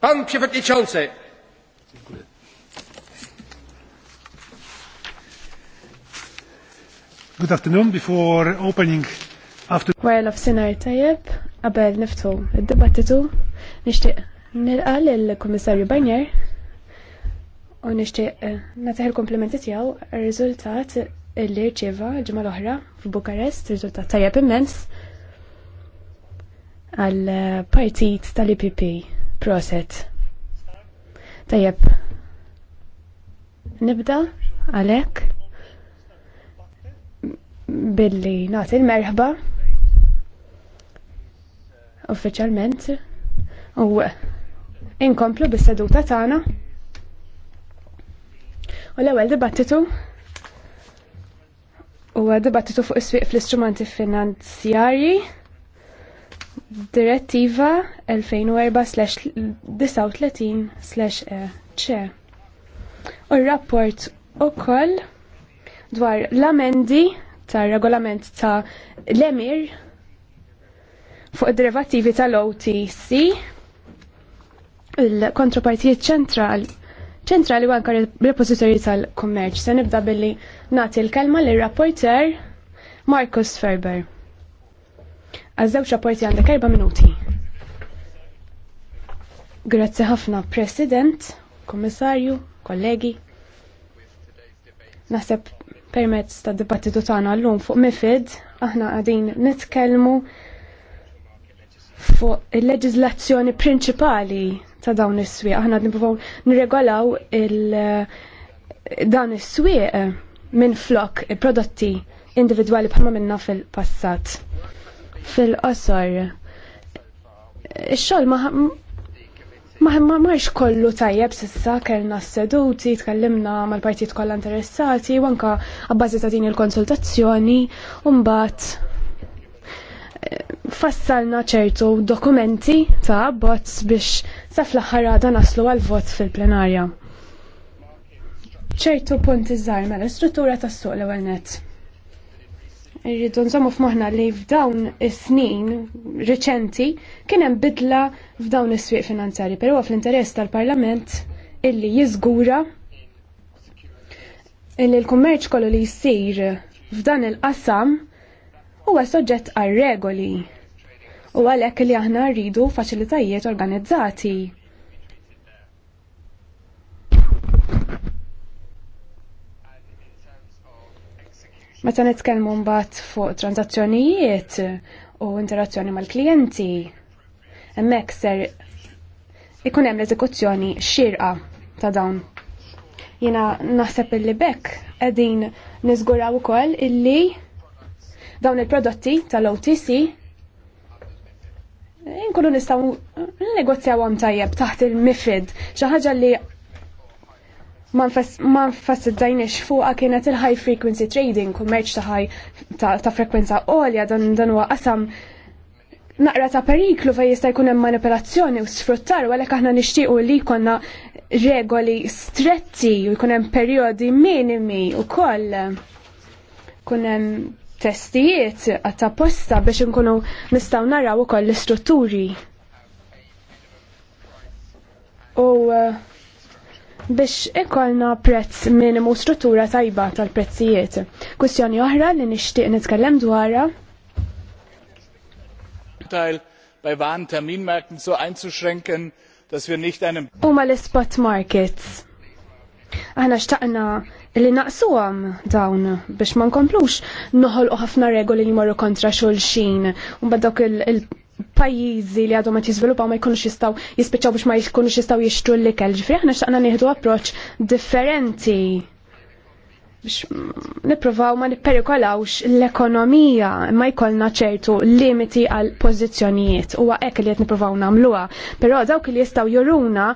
Pan Przewodniczący. Dziękuję. Good afternoon. Before opening after... Well, of Sinar Tayeb qabel niftu id-dibattitu, nixtieq nilqa lill-Kummissarju Barnier u nixtieq eh, nagħtih il-komplimenti tiegħu r-riżultat li rċeva ġimgħa l-oħra f'Bukarest, riżultat tajjeb immens għal eh, partit tal-IPP Proset. Tajab. Nibda għalek billi nagħti l-merħba uffiċjalment u inkomplu bis-seduta tagħna. U l-ewwel dibattitu huwa dibattitu fuq is-swieq fl-istrumenti finanzjarji direttiva 2004-39-ċe. U rapport e. u koll dwar l-amendi ta' regolament ta' l-emir fuq derivativi tal-OTC il kontropartijiet ċentrali ċentrali u anka repozitorji tal-kummerċ. Se nibda billi nati l-kelma l-rapporter Marcus Ferber. Għazzewċ rapporti għandek erba' minuti. Grazzi ħafna, President, Komissarju, kollegi. Naħseb permezz ta' dibattitu tagħna llum fuq MIFID, aħna qegħdin nitkellmu fuq il-leġiżlazzjoni prinċipali ta' dawn is-swieq. Aħna nippruvaw nirregolaw il dawn is-swieq minn flok il-prodotti individwali bħalma minna fil-passat fil-qosor. Ix-xogħol ma ma marx kollu tajjeb sissa kellna s-seduti, tkellimna mal-partit kollha interessati, u anka għabbażi ta' din il-konsultazzjoni, u mbagħad eh, fassalna ċertu dokumenti ta' abbozz biex sa fl-ħarada naslu għal-vot fil-plenarja. ċertu punti żgħar mela struttura tas-suq l-ewwel nett. Irridu nżommu f'moħna li f'dawn is-snin reċenti kien hemm bidla f'dawn is-swieq finanzjari, però fl-interess tal-Parlament illi jiżgura illi l-kummerċ kollu li jsir f'dan il-qasam huwa soġġett għar regoli u għalhekk li aħna rridu faċilitajiet organizzati Meta nitkellmu mbagħad fuq transazzjonijiet u interazzjoni mal-klijenti, hemmhekk ser ikun hemm l-eżekuzzjoni xirqa ta' dawn. Jiena naħseb illi bekk qegħdin niżguraw ukoll illi dawn il-prodotti tal-OTC inkunu nistgħu negozjawhom tajjeb taħt il-mifid xi ħaġa li ma nfassizzajniex fuqa kienet il-high frequency trading, kummerċ ta' high ta' frekwenza għolja dan dan huwa qasam naqra ta' periklu fej jista' jkun hemm manipolazzjoni u sfruttar u għalhekk aħna nixtiequ li jkollna regoli stretti u jkun hemm perjodi minimi wkoll kun hemm testijiet għatta posta biex nkunu nistgħu naraw ukoll l-istrutturi. U uh, biex ikollna prezz minimu struttura tajba tal-prezzijiet. Kwistjoni oħra li nixtieq nitkellem dwarha. Teil bei wahren Terminmärkten so einzuschränken, dass wir nicht einem Huma l-spot markets. Aħna xtaqna li naqsuhom dawn biex ma nkomplux noħolqu ħafna regoli li morru kontra xulxin u dawk il- pajjiżi li għadhom qed jiżviluppaw ma jkunux jistgħu jispiċċaw biex ma jkunux jistgħu jixtru l-ikel. Ġifri aħna x'aqna nieħdu approċċ differenti biex nipprovaw ma nipperikolawx l-ekonomija ma jkollna ċertu limiti għal pożizzjonijiet huwa hekk li qed nippruvaw nagħmluha. Però dawk li jistgħu juruna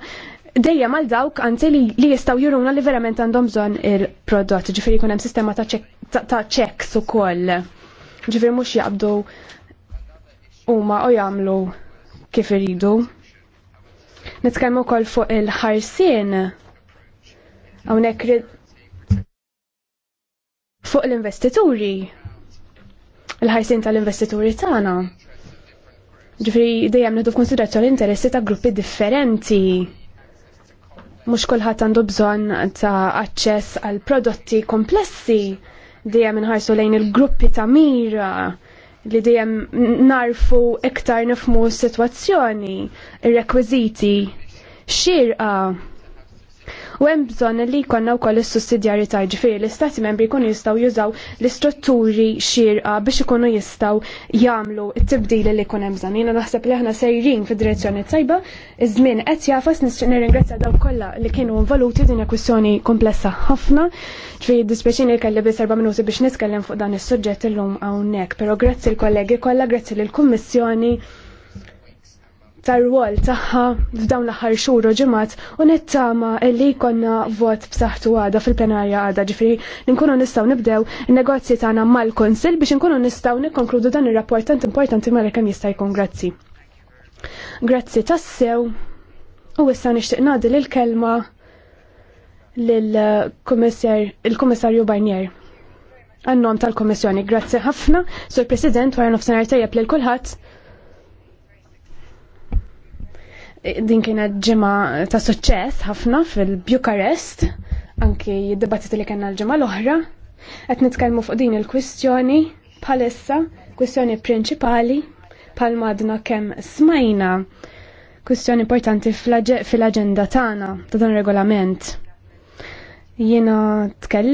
dejjem għal dawk anzi li jistaw juruna li verament għandhom bżonn il-prodott, Ġifieri jkun hemm sistema ta' checks ukoll. Ġifiri mhux jaqbdu huma u jagħmlu kif iridu. Nitkellmu wkoll fuq il-ħarsien hawnhekk fuq l-investituri. Il-ħarsien tal-investituri tagħna. Ġifri dejjem nieħdu f'konsiderazzjoni interessi ta' gruppi differenti Mhux kulħadd għandu bżonn ta' aċċess għal prodotti komplessi dejjem inħarsu lejn il-gruppi ta' mira li dejjem narfu iktar nifmu s-sitwazzjoni, ir-rekwiżiti xirqa U hemm bżonn li jkollna wkoll is-sussidjarjetà ġifieri l-istati membri jkunu jistgħu jużaw l-istrutturi xierqa biex ikunu jistgħu jagħmlu t-tibdil li jkun hemm bżonn. Jiena naħseb li aħna sejrin fid-direzzjoni tajba, iż-żmien qed jafas nixtieq nirringrazzja dawk kollha li kienu involuti din kwistjoni komplessa ħafna. Ġifieri dispjaċini kelli biss erba' minuti biex nitkellem fuq dan is-suġġett illum hawnhekk, però grazzi l-kollegi kollha, grazzi lill-Kummissjoni tar-rwol tagħha f'dawn l-aħħar xhur u ġimgħat u nittama li jkollna vot b'saħħtu għada fil-plenarja għada ġifieri li nkunu nistgħu nibdew in-negozji tagħna mal-Kunsill biex inkunu nistgħu nikkonkludu dan ir-rapport tant importanti mara mela kemm jista' jkun grazzi. Grazzi tassew u issa nixtieq ngħaddi l-kelma lill-Kummissarju Barnier. Għannom tal-Kommissjoni, grazzi ħafna, Sur President, wara f tajjeb lil kulħadd. kulħat din kienet ġimma ta' suċċess ħafna fil-Bukarest, anki d-dibattit li kellna l-ġimgħa l-oħra. Qed nitkellmu fuq din il-kwistjoni bħalissa, kwistjoni prinċipali bħal madna kemm smajna kwistjoni importanti fil-aġenda tagħna ta' dan regolament. Jiena tkell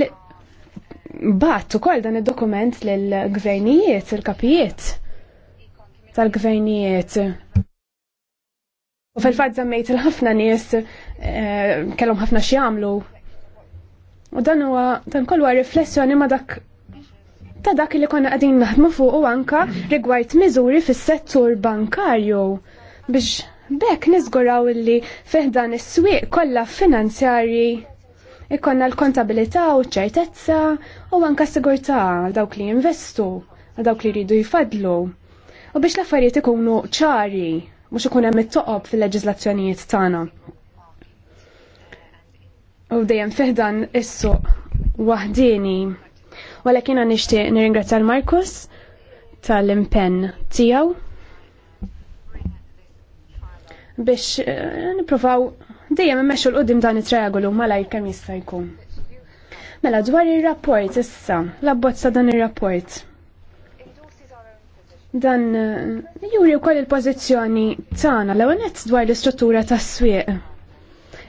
bat ukoll dan id-dokument lill-gvernijiet, il-kapijiet tal-gvernijiet U fil-fatt żammejt il-ħafna nies eh, kellhom ħafna x'jagħmlu. U dan huwa dan kollu riflessjoni ma' dak ta' dak li konna għadin naħdmu fuq u anka rigward miżuri fis-settur bankarju biex bekk niżguraw li fiħdan is-swieq kollha finanzjarji ikonna l-kontabilità u ċertezza u anka sigurtà għal dawk li jinvestu, għal dawk li jridu jfadlu. U biex l-affarijiet ikunu ċari mhux ikun hemm it-toqob fil-leġiżlazzjonijiet tagħna. U dejjem fiħdan is-suq waħdini. Walakin għan nixtieq nirringrazzja Markus tal-impenn tiegħu biex eh, niprofaw dejjem immexxu l-qudiem dan it-triangolu malajr kemm jista' jkun. Mela dwar ir-rapport issa, l-abbozza dan ir-rapport. Dan eh, juri wkoll il-pożizzjoni tagħna l nett dwar l-istruttura tas-swieq.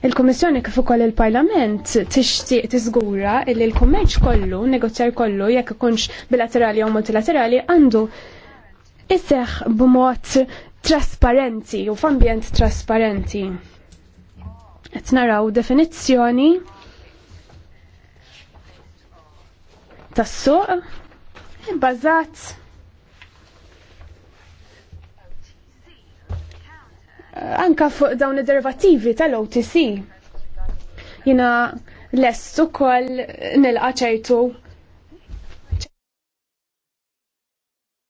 Il-Kummissjoni kif ukoll il-Parlament tixtieq tiżgura li l-kummerċ kollu, negozjar kollu, jekk ikunx bilaterali jew multilaterali, għandu isseħ b'mod trasparenti u f'ambjent trasparenti. Qed naraw definizzjoni tas-suq eh, bazat anka fuq dawn id-derivativi tal-OTC. Jina lest ukoll nilqa' ċertu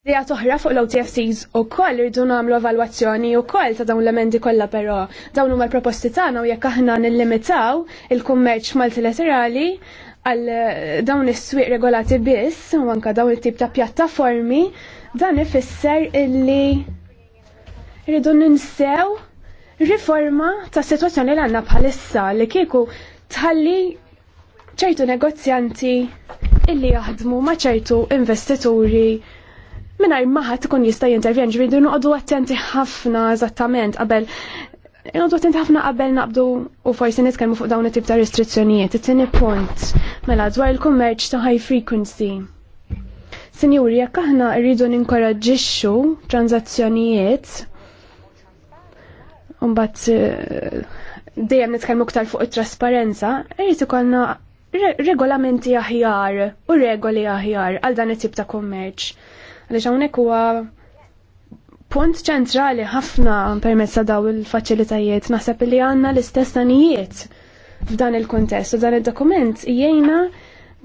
Dija toħra fuq l-OTFCs u koll rridu namlu evalwazzjoni u koll ta' dawn l-emendi kollha però dawn huma l-proposti tagħna u jekk aħna nillimitaw il-kummerċ multilaterali għal dawn is-swieq regolati biss u anke dawn it-tip ta' pjattaformi dan ifisser illi rridu ninsew riforma ta' situazzjoni li għanna bħalissa li kieku tħalli ċertu negozjanti illi jaħdmu ma' ċertu investituri minar maħat tkun jista' jintervjen ġridu noqogħdu attenti ħafna eżattament qabel Noqdu attenti ħafna qabel naqbdu u forsi nitkellmu fuq dawn it-tip ta' restrizzjonijiet. It-tieni punt mela dwar il-kummerċ ta' high frequency. Sinjuri, jekk aħna rridu ninkoraġġixxu tranzazzjonijiet unbat eh, dejjem nitkellmu aktar fuq it-trasparenza, irrid ikollna regolamenti aħjar u regoli aħjar għal dan it-tip ta' kummerċ. Għaliex hawnhekk huwa punt ċentrali ħafna permezz ta' daw il-faċilitajiet naħseb li għandna l-istess tanijiet f'dan il kuntest u dan id-dokument jgħina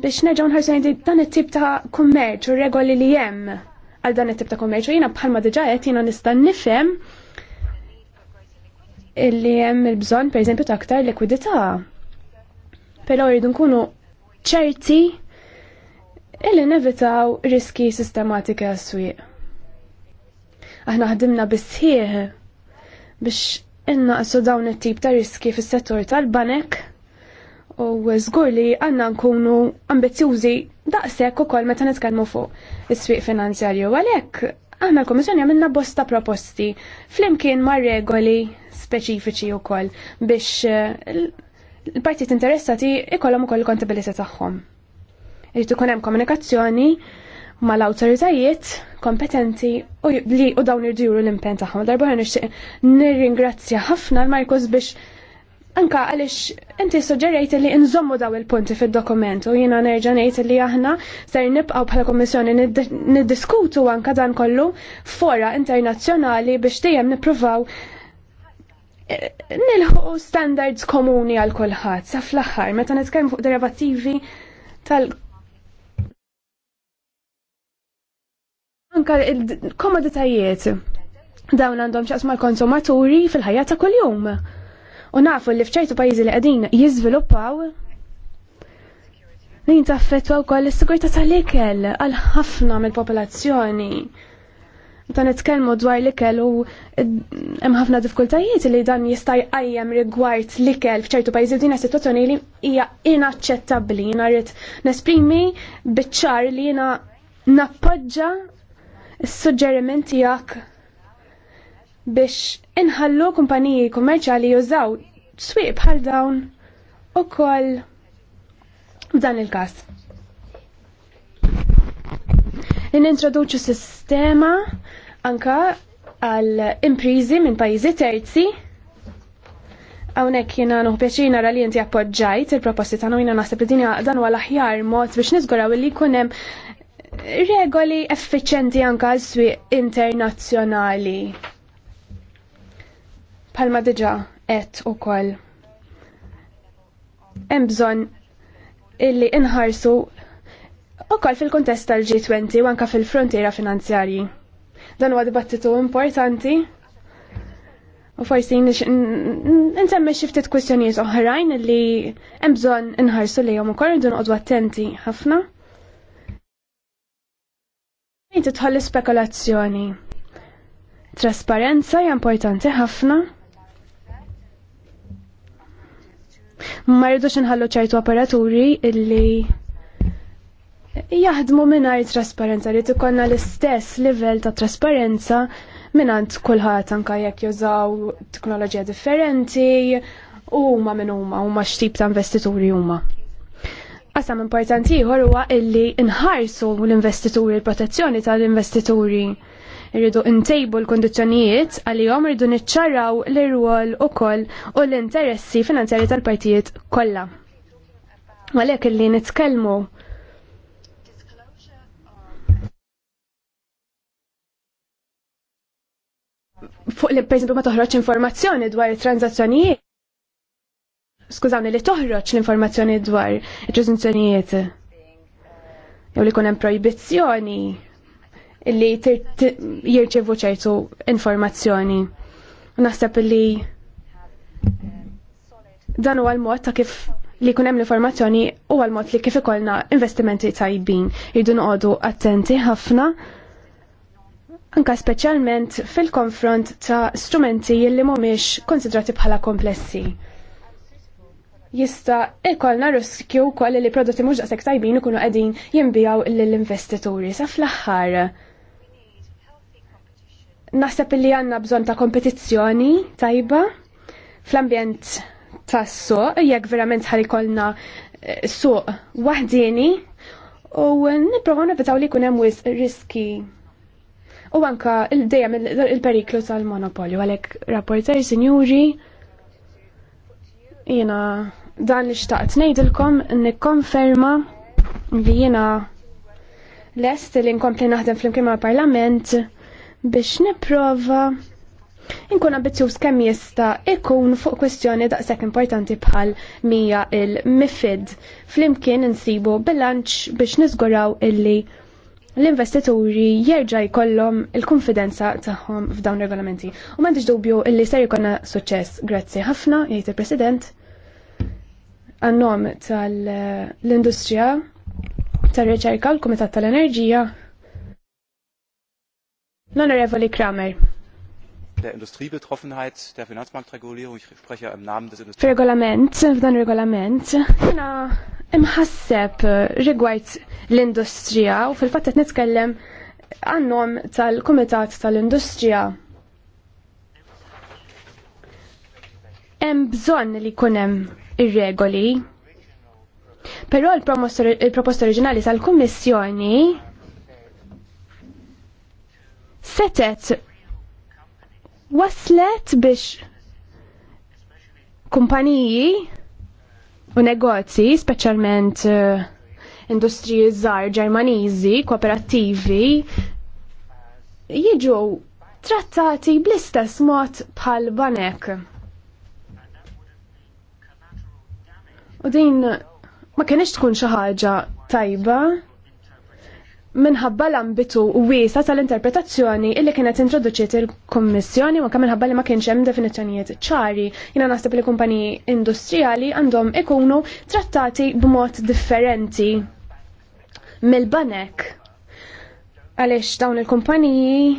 biex neġgħu nħarsu dan it-tip ta' kummerċ u regoli li hemm għal dan it-tip ta' kummerċ u jiena bħalma diġà qed jiena nista' nifhem illi hemm il-bżonn pereżempju ta' aktar likwidità. Però jridu nkunu ċerti illi nevitaw riski sistematika għas-swieq. Aħna ħdimna bisħieħ biex innaqsu dawn it-tip ta' riski fis-settur tal-banek u żgur li għandna nkunu ambizzjużi daqshekk ukoll meta nitkellmu fuq is-swieq finanzjarju għalhekk aħna l-Komissjoni għamilna bosta proposti flimkien ma' regoli speċifiċi wkoll biex eh, l-partit interessati ikollhom ukoll kontabilità tagħhom. Irid ikun hemm komunikazzjoni mal-awtoritajiet kompetenti u li u dawn irdjuru l-impen tagħhom. Darba nixtieq nirringrazzja ħafna l-Markus biex Anka għalix inti suġġerejt li nżommu daw il-punti fil-dokument u jina ngħid li aħna ser nibqaw bħala kommissjoni niddiskutu anka dan kollu fora internazzjonali biex dejjem nippruvaw nilħu standards komuni għal kulħadd sa fl-aħħar meta nitkellmu fuq derivattivi tal anka il-komoditajiet dawn għandhom xaqs mal-konsumaturi fil-ħajja ta' kuljum. U nafu li fċertu pajjiżi li qegħdin jizviluppaw li jintaffettwaw wkoll is-sigurtà tal-ikel għal ħafna mill-popolazzjoni dan itkellmu dwar l-ikel u eh, hemm ħafna diffikultajiet li dan jista' jqajjem rigward l-ikel f'ċertu pajjiżi din situazzjoni li hija inaċċettabbli. Jiena rrid nesprimi biċ-ċar li jiena nappoġġa s-suġġeriment tiegħek biex inħallu kumpaniji kummerċjali jużaw swieq bħal dawn ukoll f'dan il-każ. Nintroduċu sistema anka għal imprizi minn pajjiżi terzi Għawnek jena nuħbieċina ra li jinti appoġġajt il-proposti ta' nujna nasib li dinja dan għal aħjar mod biex nizgura li kunem regoli effiċenti anka għal-swi internazzjonali. Palma diġa et u koll. Embżon illi inħarsu u koll fil-kontest tal-G20 u anka fil-frontiera finanzjarji. Dan huwa dibattitu importanti. U forsi nsemmi xi ftit kwistjonijiet oħrajn li hemm bżonn inħarsu lejhom ukoll irdu noqogħdu attenti ħafna. Fejn titħolli spekulazzjoni. Trasparenza hija importanti ħafna. Ma rridux inħallu ċertu operaturi illi jaħdmu mingħajr trasparenza li tukonna l-istess livell ta' trasparenza mingħand kulħadd anke jekk jużaw teknoloġija differenti u huma minn huma huma x'tip ta' investituri huma. Qasam importanti ieħor huwa illi nħarsu l-investituri, l-protezzjoni tal-investituri irridu ntejbu l-kondizjonijiet għalihom irridu niċċaraw l-irwol ukoll u l-interessi finanzjari tal-partijiet kollha. Għalhekk illi nitkellmu fuq li per ma toħroġ informazzjoni dwar it-transazzjonijiet. Skużawni li toħroġ l-informazzjoni dwar it-transazzjonijiet. Jew li kun hemm projbizzjoni li jirċevu ċertu informazzjoni. Naħseb li dan huwa l-mod ta' kif li kun hemm l-informazzjoni huwa l-mod li kif ikollna investimenti tajbin. jridu noqogħdu attenti ħafna anka speċjalment fil-konfront ta' strumenti li mhumiex konsidrati bħala komplessi. Jista' ikollna riskju wkoll li prodotti mhux daqshekk tajbin ikunu qegħdin jinbijaw lill-investituri sa fl-aħħar. Naħseb li għandna bżonn ta' kompetizzjoni tajba fl-ambjent tas-suq jekk verament ħalli kollna eh, suq waħdini u nipprova nevitaw li jkun hemm riski u anka il-dejjem il-periklu tal-monopolju għalek rapporter sinjuri jena dan li xtaqt nejdilkom nikkonferma li jena lest li nkompli naħdem fl-imkien mal-parlament biex nipprova. Inkun ambizzjuż kemm jista' ikun fuq kwestjoni daqshekk importanti bħal mija il-mifid. Flimkien insibu bilanċ biex niżguraw illi l-investituri jerġa' jkollhom il-konfidenza tagħhom f'dawn regolamenti. U m'għandix dubju illi ser jkollna suċċess. Grazzi ħafna, jgħid il-President, għannom tal-industrija tar-riċerka l-Kumitat tal-Enerġija l-Onorevoli Kramer der Industriebetroffenheit der Finanzmarktregulierung. Ich spreche im Namen des Regolament, f'dan regolament, jena imħasseb eh, rigward l-industrija u fil-fatt qed nitkellem għannom tal-Kumitat tal-Industrija. Hemm bżonn li jkun hemm ir-regoli. Però l-proposta oriġinali tal-Kummissjoni setet waslet biex kumpaniji u negozji, speċjalment uh, eh, industriji żgħar Ġermaniżi, kooperattivi, jiġu trattati bl-istess mod bħal banek. U din ma kienx tkun xi ħaġa tajba minħabba l-ambitu wiesa tal-interpretazzjoni illi kienet introduċiet il-Kommissjoni ma minħabba li ma kienx hemm definizzjonijiet ċari. Jiena naħseb li kumpaniji industrijali għandhom ikunu trattati b'mod differenti mill-banek. Għaliex dawn il-kumpaniji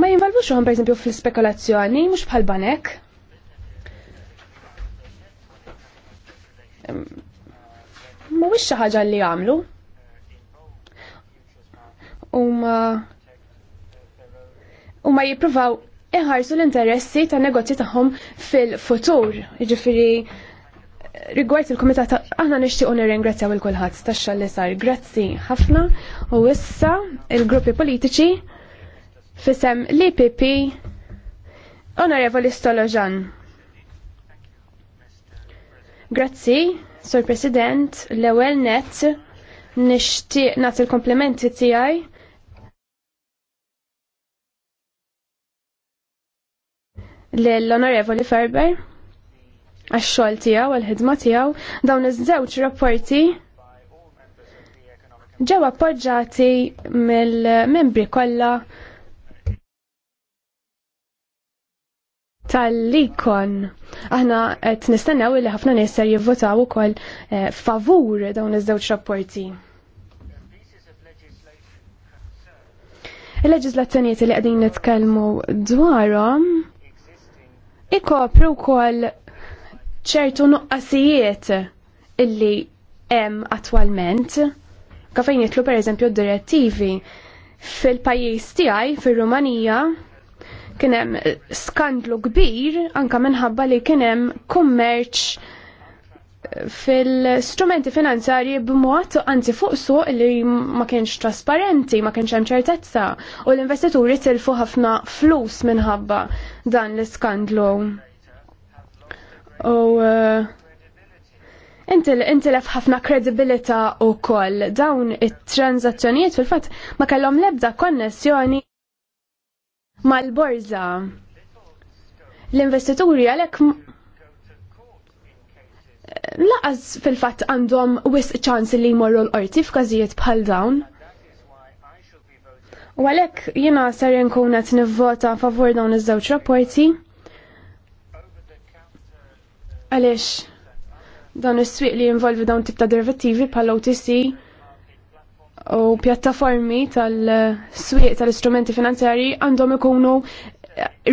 ma jinvalvux per eżempju fil-spekulazzjoni mhux bħal banek ma xi ħaġa li jagħmlu. Uma huma jippruvaw iħarsu l-interessi ta' negozji tagħhom fil-futur. Ġifieri rigward il komitat aħna nixtiequ nirringrazzjaw il kulħadd tax li sar. Grazzi ħafna u issa il-gruppi politiċi fisem l-IPP Onorevoli Stolojan. Grazzi, Sur President, l-ewel net nishtiq nat il-komplimenti tijaj l-Onorevoli Ferber għax-xogħol tiegħu għall-ħidma tiegħu dawn iż-żewġ rapporti ġew appoġġjati mill-membri kollha tal-likon. Aħna qed nistennew li ħafna nies ser jivvotaw ukoll eh, favur dawn iż-żewġ rapporti. Il-leġislazzjonijiet li qegħdin nitkellmu dwarhom ikopru wkoll ċertu nuqqasijiet illi hemm attwalment. Kafejn jitlu pereżempju d-direttivi fil-pajjiż tiegħi fir-Rumanija Kien hemm skandlu kbir anke minħabba li kien hemm kummerċ fil-strumenti finanzjarji b'mod anzi fuq suq li ma kienx trasparenti, ma kienx hemm ċertezza u l-investituri tilfu ħafna flus minħabba dan l-iskandlu. U eh, inti lef ħafna kredibilità u koll dawn it-tranzazzjonijiet fil-fatt ma kellhom lebda konnessjoni mal-borza. L-investituri għalek laqas fil-fatt għandhom wis ċans li jmorru l-qorti f'każijiet bħal dawn. U għalhekk jiena ser inkun qed nivvota favur dawn iż-żewġ rapporti. Għaliex dawn is-swieq li jinvolvi dawn tip ta' derivativi bħal OTC u pjattaformi tal-swieq tal-istrumenti finanzjari għandhom ikunu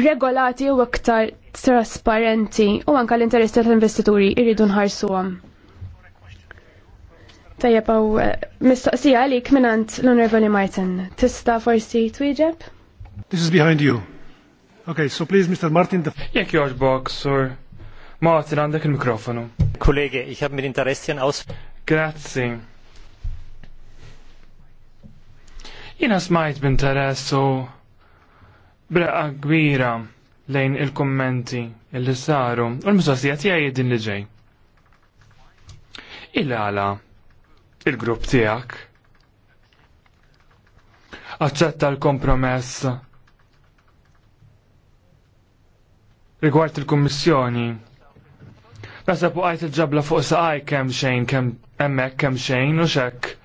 regolati u aktar trasparenti u anka l-interessi tal-investituri irridu nħarsuhom. Tajjeb għaw mistoqsija għalik minant l-Onorevoli Martin. Tista forsi twieġeb? This is behind you. Okay, so please, Mr. Martin. Jek joġbok, sir. Martin, għandek il-mikrofonu. Kollege, ich hab mir Interessen aus. Grazie. Jina smajt b'interess u breqa kbira lejn il-kommenti illi li saru u l-mistoqsija tiegħi din li ġej. Il-għala il-grupp tiegħek aċċetta l-kompromess rigward il-Kummissjoni. Nasab u għajt il-ġabla fuq saqaj kemm xejn, kemm hemmhekk kemm xejn u xekk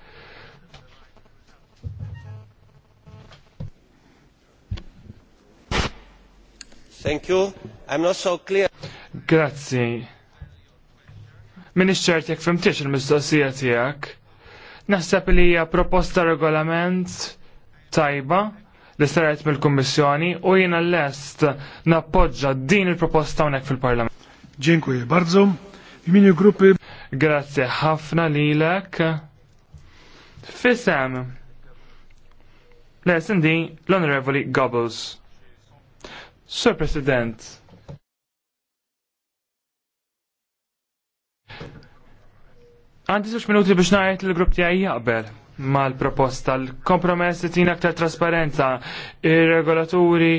Thank you. I'm not so clear. Grazzi. Min jekk fimtiex il-mistoqsija tiegħek. Naħseb li hija proposta regolament tajba li saret mill-Kummissjoni u jiena lest nappoġġa din il-proposta hawnhekk fil-Parlament. Dziękuję bardzo. W imieniu grupy Grazie ħafna lilek. Fisem. Lesson D, l-Onorevoli Gobbles. Sir President, għandi zux minuti biex ngħid li l-grupp tiegħi jaqbel mal-proposta l-kompromess li tina aktar trasparenza ir-regolaturi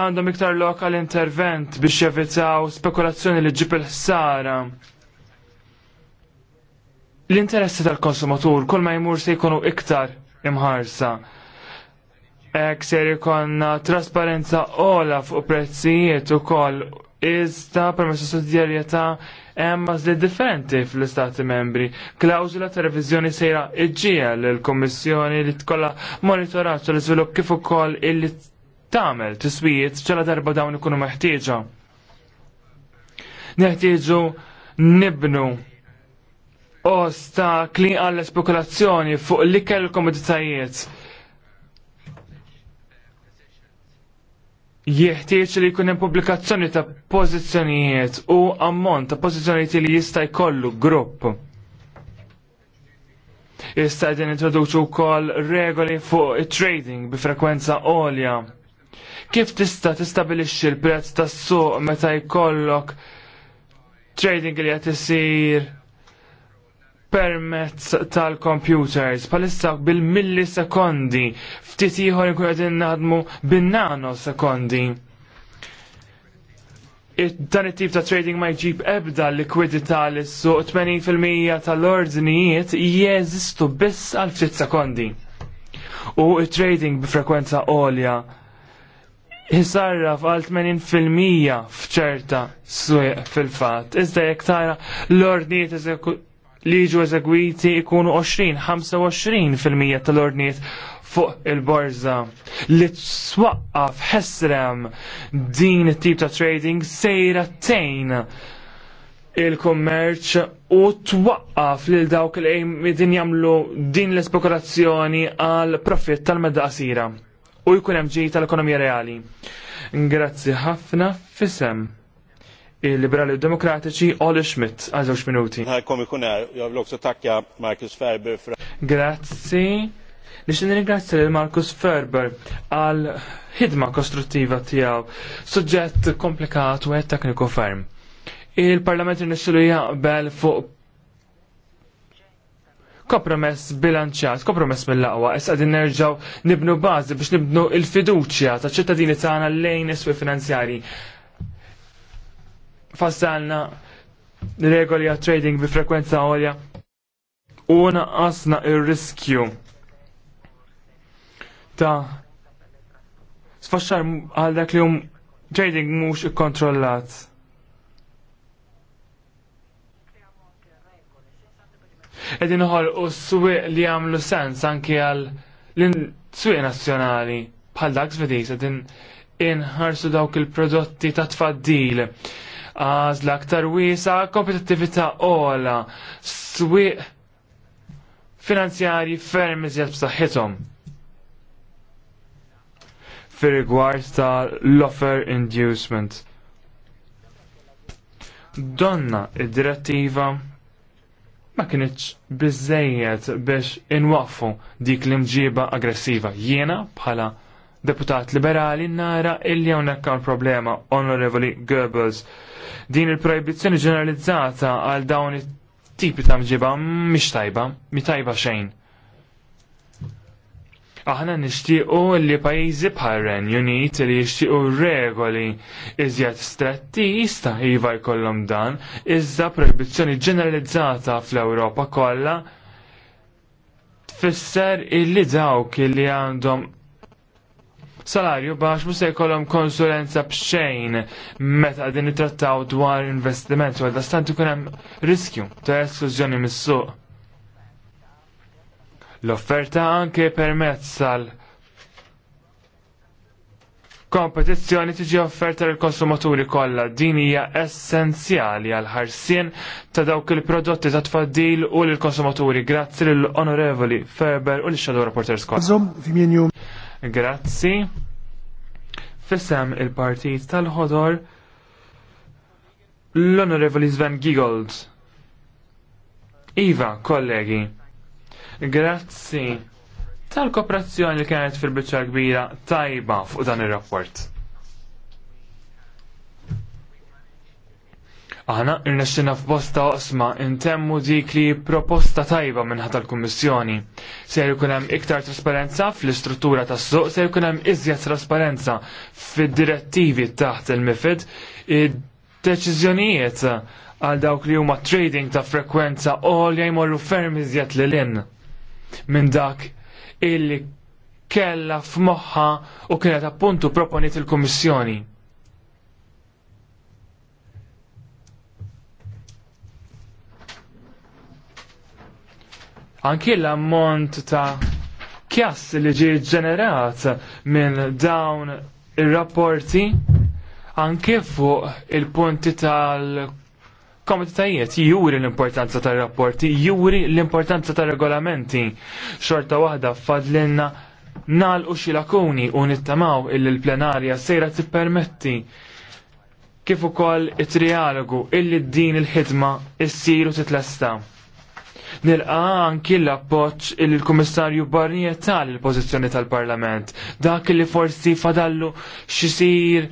għandhom iktar lokal intervent biex jevitaw spekulazzjoni li ġib il-ħsara. L-interessi tal-konsumatur kull ma jmur se jkunu iktar imħarsa. Ek ser ikonna trasparenza ola fuq prezzijiet u koll iżda permessa sussidjarjetà hemm zli differenti fl-istati membri. Klawżula ta' reviżjoni sejra iġġiel il-Kommissjoni li tkollha monitoraġġ l iżvilupp kif ukoll illi tagħmel tiswijiet ċala darba dawn ikunu meħtieġa. Neħtieġu nibnu ostakli għall-espekulazzjoni fuq l-ikel komoditajiet jieħtieġ li jkun hemm pubblikazzjoni ta' pożizzjonijiet u ammont ta' pożizzjonijiet li jista' jkollu grupp. Jista' din introduċu wkoll regoli fuq it-trading bi frekwenza għolja. Kif tista' tistabilixxi l-prezz tas-suq meta jkollok trading li qed isir permezz tal-computers palissa bil-millisekondi ftit ieħor ikun qegħdin naħdmu bin-nanosekondi. Dan it-tip ta' trading ma jġib ebda l-likwidità l-suq 80% tal-ordnijiet jeżistu biss għal ftit sekondi. U trading b'frekwenza għolja jisarraf għal 80% fċerta fil-fat. Iżda jek tara l-ordnijiet li jiġu eżegwiti ikunu 20-25% fil-mija tal-ordniet fuq il-borza li swaqqaf, ħessrem din it-tip ta' trading sejra tejn il-kommerċ u twaqqaf lil dawk li din jagħmlu din l-espekulazzjoni għal profit tal-medda qasira u jkun hemm ġej tal-ekonomija reali. Grazzi ħafna fisem il-Liberali Demokratiċi Oli Schmidt, għal żewġ minuti. Herr Kommissionär, jag Marcus Ferber fra. Grazzi. Nix nirringrazzja lil Marcus Ferber għal ħidma kostruttiva tiegħu. Suġġett komplikat u qed tekniku ferm. Il-Parlament irnexxielu jaqbel fuq kompromess bilanċjat, kompromess mill-laqwa, es għadin nerġgħu nibnu bażi biex nibnu il-fiduċja ta' ċittadini tagħna lejn is-swi finanzjarji fassalna regoli għat trading bi frekwenza għolja u naqqasna il-riskju ta' sfaxxar għal dak li jum trading mhux ikkontrollat. Edin uħol u s swi li għamlu sens anki għal l swi nazjonali bħal dak s-vedis edin inħarsu dawk il-prodotti ta' tfaddil għażla aktar wiesa, kompetittività ola, swieq finanzjarji ferm iżjed b'saħħithom. Fir-rigward ta' l-offer inducement. Donna id-direttiva ma kienieċ bizzejiet biex inwaffu dik l-imġiba aggressiva. Jiena bħala deputat liberali nara illi hawnhekk problema, Onorevoli Goebbels Din il-proibizzjoni ġeneralizzata għal dawn it-tipi ta' mġiba mhix tajba, mi tajba xejn. Aħna nixtiequ li pajjiżi bħal Renju Unit li jixtiequ regoli iżjed stretti jista' iva jkollhom dan, iżda proibizzjoni ġeneralizzata fl-Ewropa kollha tfisser illi dawk li għandhom salarju baħx mu se jkollhom konsulenza b'xejn meta din nitrattaw dwar investiment u għal-dastant hemm riskju ta' esklużjoni mis-suq. L-offerta anke permezz tal kompetizzjoni tiġi offerta lill konsumaturi kollha din hija essenzjali għal ħarsien ta' dawk il-prodotti ta' tfaddil u lill konsumaturi Grazzi lill onorevoli Ferber u l-Shadow Reporters Kollha. Grazzi. Fissem il-partit tal-ħodor l-Onorevoli Sven Giegold. Iva, kollegi. Grazzi tal-kooperazzjoni li kienet fil-bicċa kbira tajba fuq dan ir rapport Aħna irnexxina f'bosta oqsma intemmu dik li proposta tajba minn ħadd l-Kummissjoni. Se jkun hemm iktar trasparenza fl-istruttura tas-suq, se jkun hemm iżjed trasparenza fid-direttivi taħt il-MIFID, id-deċiżjonijiet għal dawk li huma trading ta' frekwenza għolja jmorru ferm iżjed lil in minn dak illi kella f'moħħa u kienet appuntu proponiet il-Kummissjoni. Anki l-ammont ta' kjass li ġie ġenerat minn dawn ir-rapporti anke fuq il-punti tal komitetajiet juri l-importanza tar rapporti juri l-importanza tar regolamenti xorta waħda fadlinna nal u lakuni u nittamaw il plenarja sejra tippermetti kif ukoll it-trialogu illi din il-ħidma issir titlesta. Nilqa anki l-appoċ il-Kummissarju Barnier tal-pozizjoni tal-Parlament. Dak li forsi fadallu xisir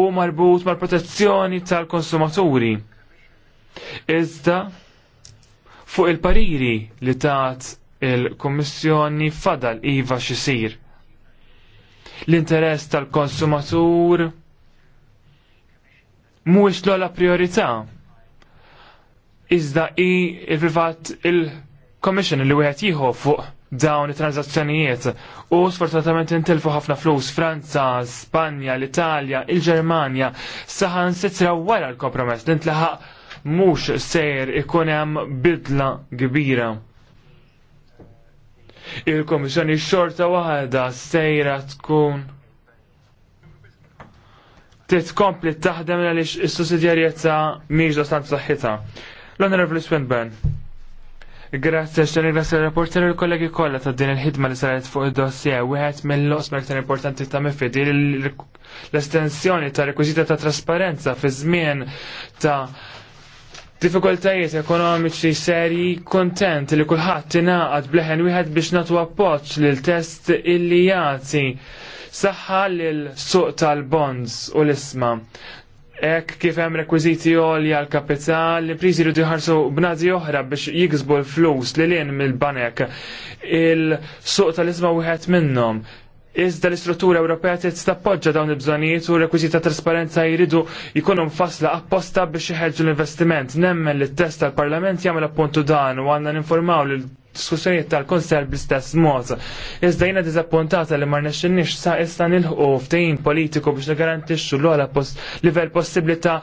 u marbut mal-protezzjoni tal-konsumaturi. Iżda fuq il-pariri li tat il komissjoni fadal iva xisir. L-interess tal-konsumatur mhuwiex l-ola priorità iżda i il-privat il-commission li wieħed jieħu fuq dawn it-transazzjonijiet u sfortunatament intilfu ħafna flus Franza, Spanja, l-Italja, il-Ġermanja saħan sitra wara l-kompromess li ntlaħaq mhux sejr ikun hemm bidla kbira. Il-Komissjoni xorta waħda sejra tkun titkompli taħdem għaliex is-sussidjarjetà mhijiex dostant saħħitha. L-Honorable Swinburne. Grazie, xtani grazie l-rapporter il-kollegi kolla ta' din il-ħidma li saret fuq il-dossier. Wieħed mill-osma ktar importanti ta' mifid l-estensjoni ta' rekwizita ta' trasparenza fi żmien ta' diffikultajiet ekonomiċi seri kontent li kulħadd tinaqad bleħen wieħed biex nagħtu appoġġ lil test illi jagħti saħħa lil suq tal-bonds u l-isma. Ek kif hemm rekwiżiti għolja għal kapital, l-imprizi rridu jħarsu b'nazi oħra biex jiksbu l-flus li lien mill-banek. Il-suq tal-isma wieħed minnhom. Iżda l-istruttura Ewropea trid tappoġġa dawn il-bżonijiet u rekwiżiti ta' trasparenza jridu jkunu mfassla apposta biex iħeġġu l-investiment. Nemmen li t-test tal-Parlament jagħmel appuntu dan u għandna ninformaw lil diskussjonijiet tal-konser bl-istess mod. Iżda jiena diżappuntata li ma rnexxinniex sa issa nilħu ftehim politiku biex nigarantixxu l-ogħla livell possibbli ta'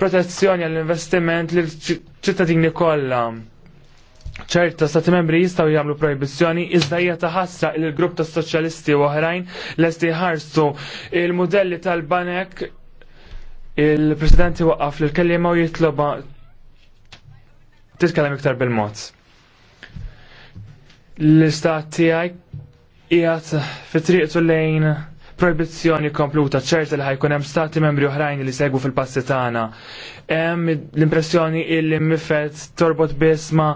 protezzjoni għall-investiment lil ċittadini kollha. ċerta stati membri jistgħu jagħmlu proibizzjoni iżda hija taħassra il grupp tas soċjalisti u oħrajn lest jħarsu il-modelli tal-banek il-presidenti waqqaf l-kellima u jitloba titkellem iktar bil-mod l-istat tiegħi qiegħed fit-triqtu lejn proibizzjoni kompluta ċerta li ħajkun hemm stati membri oħrajn li segwu fil-passi tagħna. Hemm l-impressjoni illi mifed torbot biss ma'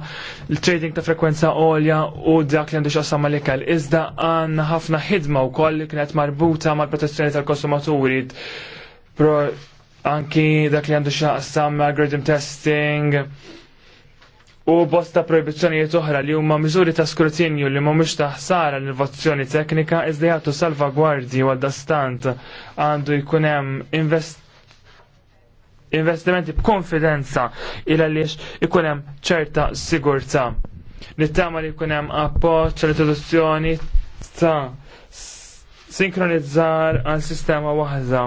l-trading ta' frekwenza għolja u dak li għandu x'qasam mal-ikel. Iżda għandna ħafna ħidma wkoll li kienet marbuta mal-protezzjoni tal-konsumaturi. anki dak li għandu x'qasam mal-algorithm testing, u bosta proibizzjonijiet oħra li huma miżuri ta' skrutinju li mhumiex ta' ħsara l-innovazzjoni teknika iżda jagħtu salvagwardji għal dastant għandu jkun hemm invest investimenti b'konfidenza il għaliex ikun hemm ċerta sigurtà. Nittama li jkun hemm appoġġ l-introduzzjoni ta' sinkronizzar għal sistema waħda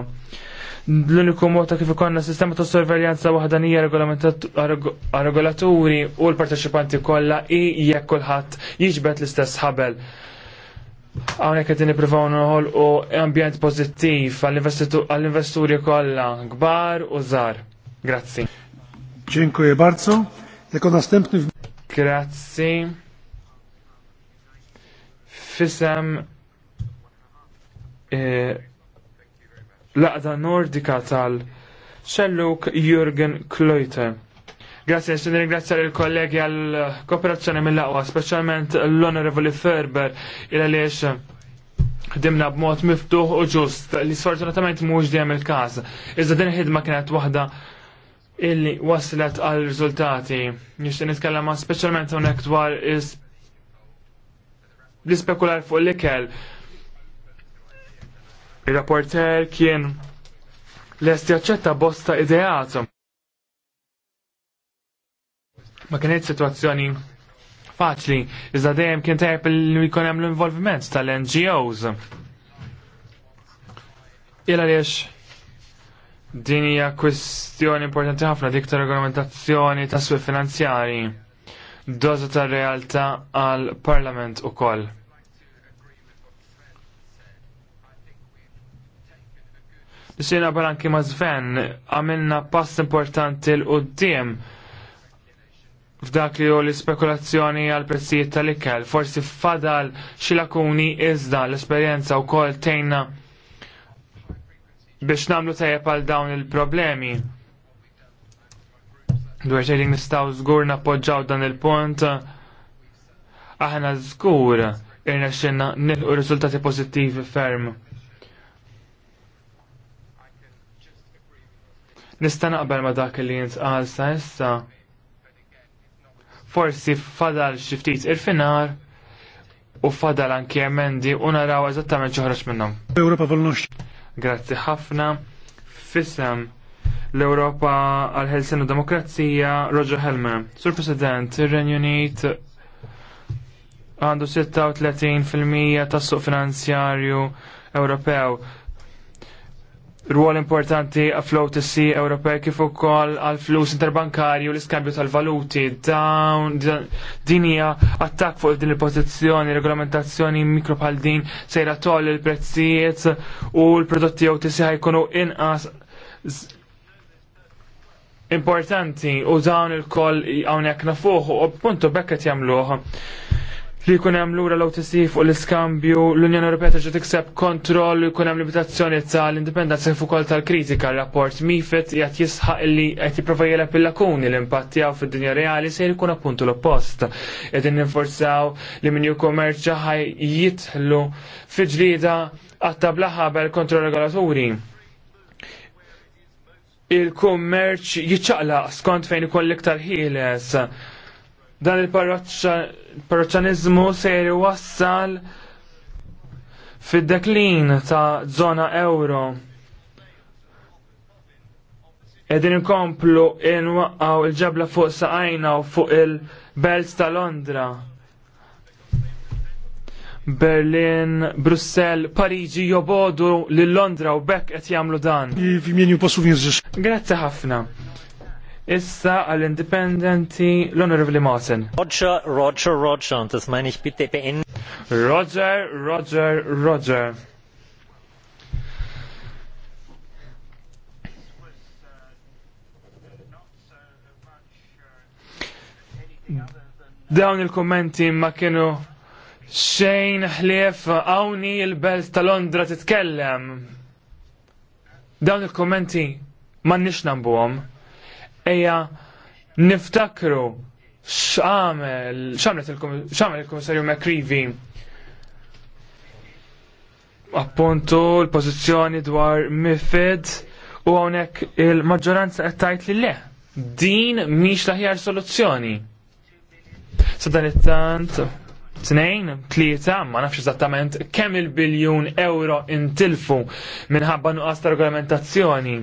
L-uniku mod ta' kif ikonna sistema ta' sorveljanza nija regolaturi u l-parteċipanti kollha i jekk kulħadd jiġbed l-istess ħabel. Għawnek għedin niprifaw nħol u ambjent pozittiv għall-investuri kollha gbar u żar. Grazzi. Dziękuję bardzo. Jako następny... Grazzi. Fisem... E laqda nordika tal-xelluk Jürgen Kloite. Grazie, xin ringrazzjar il-kollegi għal-kooperazzjoni e mill-laqwa, specialment l-Onorevoli Ferber il-għaliex ħdimna b'mod miftuħ u ġust li sfortunatament mhux dejjem il-każ. Iżda din ħidma kienet waħda illi waslet għal riżultati. Nixtieq nitkellem speċjalment hawnhekk dwar l-ispekular fuq l-ikel Il-rapporter kien lest jaċċetta bosta ideata. Ma kienet situazzjoni faċli, iżda dejjem kien tajb li jkun hemm l-involviment tal-NGOs. Ila għaliex din hija kwestjoni importanti ħafna dik tar regolamentazzjoni ta' swi finanzjari. Doza tar realtà għal Parlament ukoll. Xina baranki ma' Sven, għamilna pass importanti l-qoddim f'dak li hu l-ispekulazzjoni għal prezzijiet tal-ikel. Forsi fadal xi lakuni iżda l-esperjenza wkoll tejna biex nagħmlu tajjeb għal dawn il-problemi. Dwar xejn nistgħu żgur nappoġġaw dan il-punt. Aħna żgur irnexxinna nilqu riżultati pożittivi ferm. Nista' naqbel ma dak li jintqal sa issa. Forsi fadal xi ftit finar u fadal anki emendi u naraw eżattament ġoħroġ minnhom. Europa volnux. Grazzi ħafna. Fissem l-Europa għal-Helsin u Demokrazija, Roger Helmer. Sur President, ir-Renju Unit għandu 36% tas suq finanzjarju Ewropew rwol importanti għaflow tissi Ewropej kif ukoll għal flus interbankarji u l-iskambju tal-valuti. Dawn din hija attakk fuq din il-pożizzjoni, regolamentazzjoni mikro bħal din sejra toll il-prezzijiet u l-prodotti jew tissi ħajkunu inqas importanti u dawn il-koll hawnhekk nafuħu u puntu bekket jagħmluh li jkun hemm lura l tisif fuq l-iskambju l-Unjoni Ewropea terġa' tikseb kontroll jkun hemm limitazzjoni tal-indipendenza kif ukoll tal-kritika rapport MIFID qed jisħaq li qed jipprova jeleb il-lakuni l-impatt tiegħu fid-dinja reali se jkun appuntu l-oppost. Qegħdin ninforzaw li min kummerċa ħaj jitħlu fi ġlieda għat-tabla ħabel kontrol regolaturi il-kummerċ jiċċaqlaq skont fejn ikoll iktar ħieles Dan il-parroċanizmu ser wassal fid-deklin ta' zona euro. Edin inkomplu inwaqqaw il-ġabla fuq saqajna u fuq il-Belt ta' Londra. Berlin, Brussel, Pariġi jobodu lil Londra u bekk qed jagħmlu dan. Grazzi ħafna. Issa għall-independenti l-Onorevoli Martin. Roger, Roger, Roger, und das meine Roger, Roger, Roger. Dawn il-kommenti ma kienu xejn ħlief għawni il-belt ta' Londra titkellem. Dawn il-kommenti ma nix nambuhom eja niftakru x'għamel x'għamel il-Kummissarju McCreevy appuntu l-pożizzjoni dwar MIFID u hawnhekk il-maġġoranza qed tgħid li le. Din mhix l-aħjar soluzzjoni. Sa dan it-tant Tnejn, tlieta, ma nafx eżattament kemm il-biljun euro intilfu minħabba nuqqas ta' regolamentazzjoni.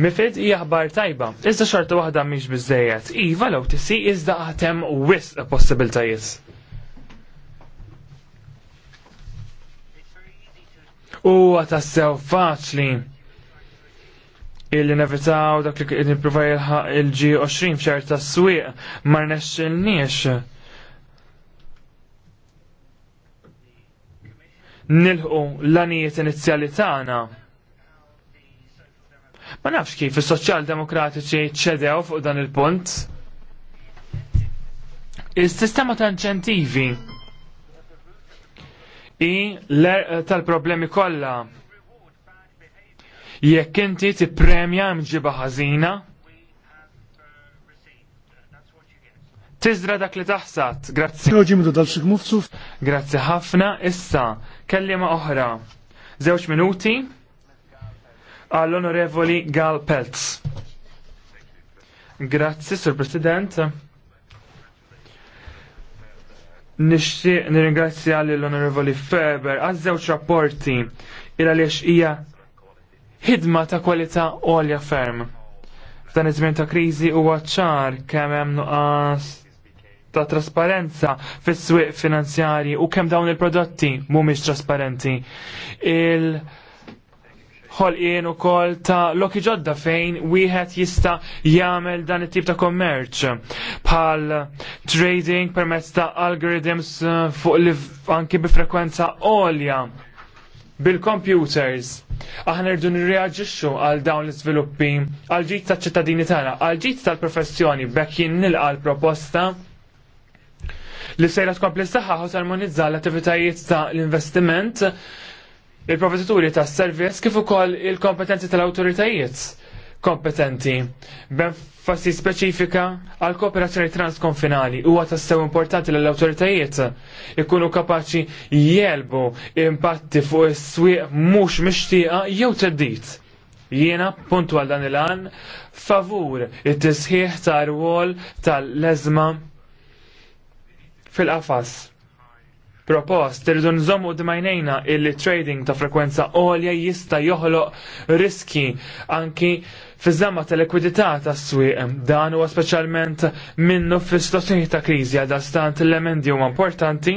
Mifid hija ħbar tajba, iżda xorta waħda mhix biżejjed. Iva law tisi iżda għatem wisq possibiltajiet. U tassew faċli illi nevitaw dak li jilħaq il-G20 fxar ta' s ma rnexxilniex. Nilħu l-anijiet inizjali tagħna. Ma nafx kif is-soċjaldemokratiċi ċedew fuq dan il-punt. Is-sistema ta' inċentivi i l eh, tal-problemi kollha jekk inti tippremja mġiba ħażina Tizra dak li taħsat, grazzi. dal-xik Grazzi ħafna, issa, kellima oħra. Zewċ minuti, għall-Onorevoli Gal Peltz. Grazzi, Sur President. Nixtieq nirringrazzja l-Onorevoli Ferber għaż-żewġ rapporti ira għaliex hija ħidma ta' kwalità għolja ferm. F'dan iż-żmien ta' kriżi huwa ċar kemm hemm nuqqas ta' trasparenza fis-swieq finanzjarji u kemm dawn il-prodotti mhumiex trasparenti. Il- ħolqien ukoll ta' loki ġodda fejn wieħed jista' jagħmel dan it-tip ta' kommerċ bħal trading permezz ta' algorithms eh, fuq li anki bi frekwenza għolja bil-computers. Aħna rridu nirreaġixxu għal dawn l-iżviluppi għal ġid tal-ċittadini tagħna, għal ġid tal-professjoni bekk jien nilqa' l-proposta li sejra tkompli saħħa ħos armonizza l-attivitajiet ta' l-investiment il-provvedituri tas servizz kif ukoll il-kompetenzi tal-awtoritajiet kompetenti b'enfasi speċifika għal kooperazzjoni transkonfinali huwa tassew importanti l awtoritajiet ikunu kapaċi jelbu impatti fuq is-swieq mhux mixtieqa jew teddit. Jiena puntwal dan il-għan favur it-tisħiħ tar-wol tal-leżma fil-qafas propost irridu nżommu d-majnejna illi trading ta' frekwenza għolja jista joħloq riski anki fi żamma ta' likwidità tas-swieq dan huwa speċjalment minnu fi situazzjoni ta' kriżi għal stant l-emendi huma importanti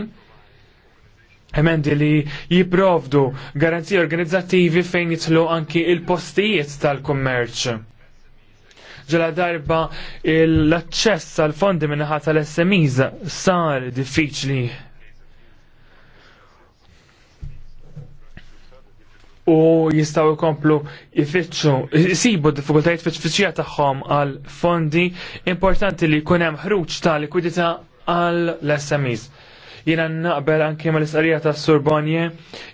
emendi li jiprovdu garanziji organizzattivi fejn jitlu anki il-postijiet tal-kummerċ ġela darba l-access għal fondi minnaħat tal smis sar diffiċli u jistaw ikomplu ifittxu, jisibu diffikultajiet fiċfiċija tagħhom għal fondi importanti li jkun hemm ħruġ ta' likwidità għal l-SMEs. Jiena naqbel ma l-isqarija ta' Sorbonje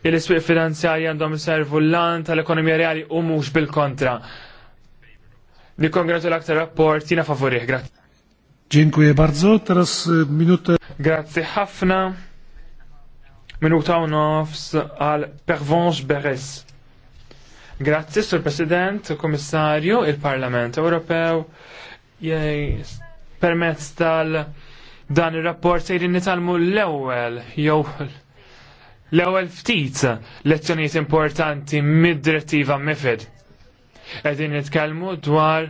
il-iswiq finanzjarja għandhom servu l-lan tal-ekonomija reali u mhux bil-kontra. l aktar rapport, jiena favorih, grazie. Dziękuję bardzo. Teraz e, minutę. Grazie ħafna. Minuta u nofs għal Pervenche Beres. Grazzi, Sur President, Komissarju, il-Parlament Ewropew, permezz tal dan il-rapport sejrin nitalmu l-ewel, jew l-ewel ftit lezzjonijiet importanti mid-direttiva MIFID. Edin nitkellmu dwar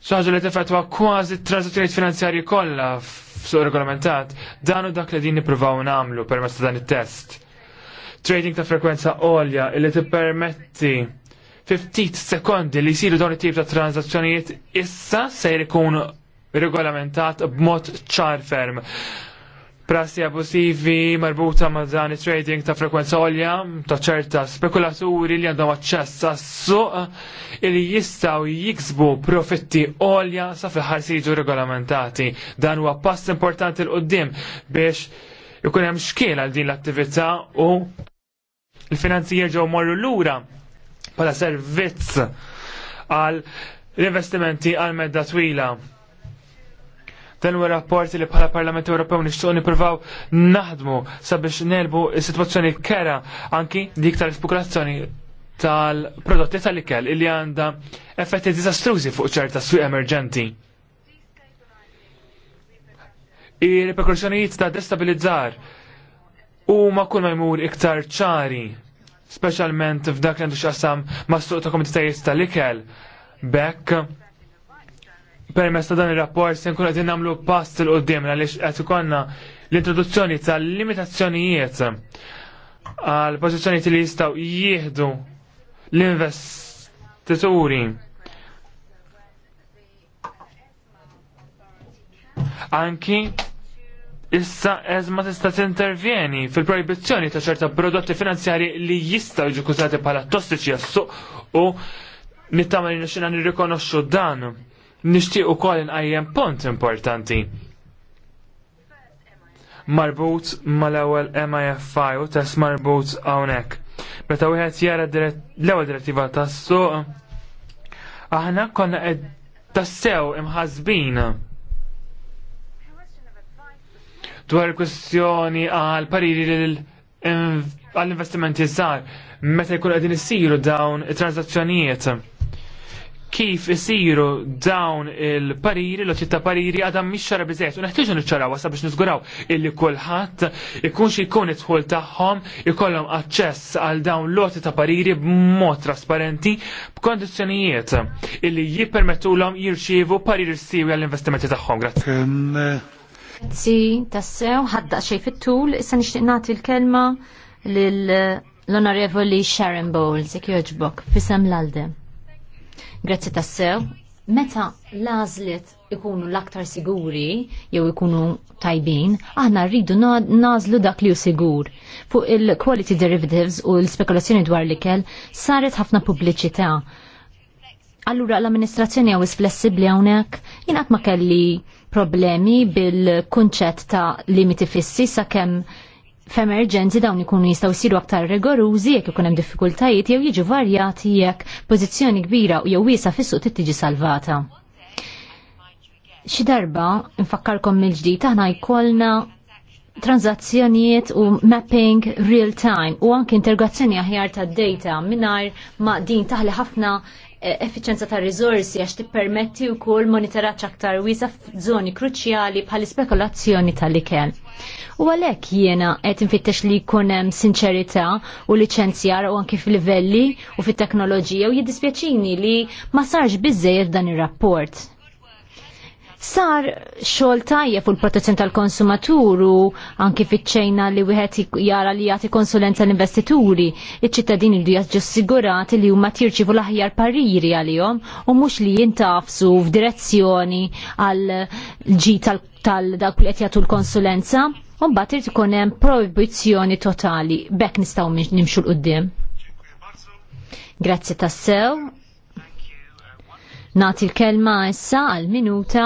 xaġa li tifetwa kważi t transazzjonijiet finanzjarji kollha f'suq regolamentat, danu dak li din nippruvaw nagħmlu permezz ta' dan it-test. Trading ta' frekwenza għolja li tippermetti 50 sekondi li jsiru dawn it-tip ta' tranzazzjonijiet issa se jkun regolamentat b'mod ċar ferm prassi abusivi marbuta ma' dan trading ta' frekwenza olja ta' ċerta spekulaturi li għandhom aċċess għas-suq li jistgħu jiksbu profitti olja sa fil-ħar siġu regolamentati. Dan huwa pass importanti l-qoddim biex ikun hemm xkiel għal din l-attività u l-finanzijier ġew morru lura bħala servizz għal l-investimenti għal medda twila Dan huwa rapporti li bħala Parlament Ewropew nixtieq nippruvaw naħdmu sabiex nelbu s-sitwazzjoni kera anki dik tal-ispokolazzjoni tal-prodotti tal-ikel illi għandha effetti diżastrużi fuq ċerta swieq emerġenti. Ir-reperkussjonijiet ta' destabilizzar huma kull ma jmur iktar ċari specialment f'dak li għandu xaqsam ma' suq ta' komitetajiet tal-ikel. Bekk permess ta' dan ir-rapport se nkun qed nagħmlu pass il qudiem għaliex qed ikollna l-introduzzjoni tal-limitazzjonijiet għal pożizzjonijiet li jistgħu jieħdu l-investituri. Anki issa eżma tista' intervjeni fil-proibizzjoni ta' ċerta prodotti finanzjari li jistgħu jiġu kużati bħala tossiċi għas-suq u nittama li nixina nirrikonoxxu dan Nixtieq ukoll inqajjem punt importanti marbut mal-ewwel MIFI u test marbut hawnhekk. Meta wieħed jara l-ewwel direttiva tas-suq, aħna konna qed tassew imħazbin dwar kwestjoni għal pariri għall-investimenti żgħar meta jkunu qegħdin isiru dawn it-transazzjonijiet kif isiru dawn il-pariri, l ta' pariri għadam mix xara bizzejt. Unaħtiġu nċarawa sabiex nizguraw illi kullħat ikun xie jkun it-tħol taħħom ikollhom aċċess għal dawn loti ta' pariri b'mod trasparenti b-kondizjonijiet illi jippermettu l-om jirċivu pariri s-siju għall-investimenti taħħom. Grazie. Grazzi, tassew, ħadda xej fit-tul, issa nixtieq nagħti l-kelma lill l-Onorevoli Sharon Bowles, jek joġbok, fisem l għalde Grazzi tassew. Meta lażlet ikunu l-aktar siguri jew ikunu tajbin, aħna rridu nażlu dak li hu sigur. Fuq il-quality derivatives u l-spekulazzjoni dwar l-ikel saret ħafna pubbliċità. Allura l-amministrazzjoni għaw isflessibli għawnek, jinaq ma kelli problemi bil-kunċett ta' limiti fissi sa' kem f'emerġenzi dawn ikunu jistgħu jsiru aktar rigorużi jekk ikun hemm diffikultajiet jew jiġu varjati jekk pożizzjoni kbira u jew wiesa fis-suq tiġi salvata. Xi darba nfakkarkom mill-ġdid aħna jkollna tranzazzjonijiet u mapping real time u anke integrazzjoni aħjar tad data mingħajr ma' din taħli ħafna effiċenza ta' rizorsi għax tippermetti u kol monitoraċ aktar wisa f'żoni kruċjali bħal spekulazzjoni tal-ikel. U għalek jiena qed infittex li jkunem sinċerità u liċenzjar u anki fil-livelli u fit-teknoloġija u jiddispjaċini li ma sarx biżejjed dan ir-rapport Sar xogħol tajjeb fu l protezzjoni tal-konsumatur u anke fiċ-ċejna li wieħed jara li jagħti konsulenza l-investituri, iċ-ċittadini li jaġġu assigurati li huma tirċivu l-aħjar pariri għalihom u mhux li jintafsu f'direzzjoni għal ġi tal-dak li qed jagħtu l-konsulenza. Mbagħad irid ikun hemm proibizzjoni totali. Bekk nistgħu nimxu l-qudiem. Grazzi tassew Nati l-kelma issa għal-minuta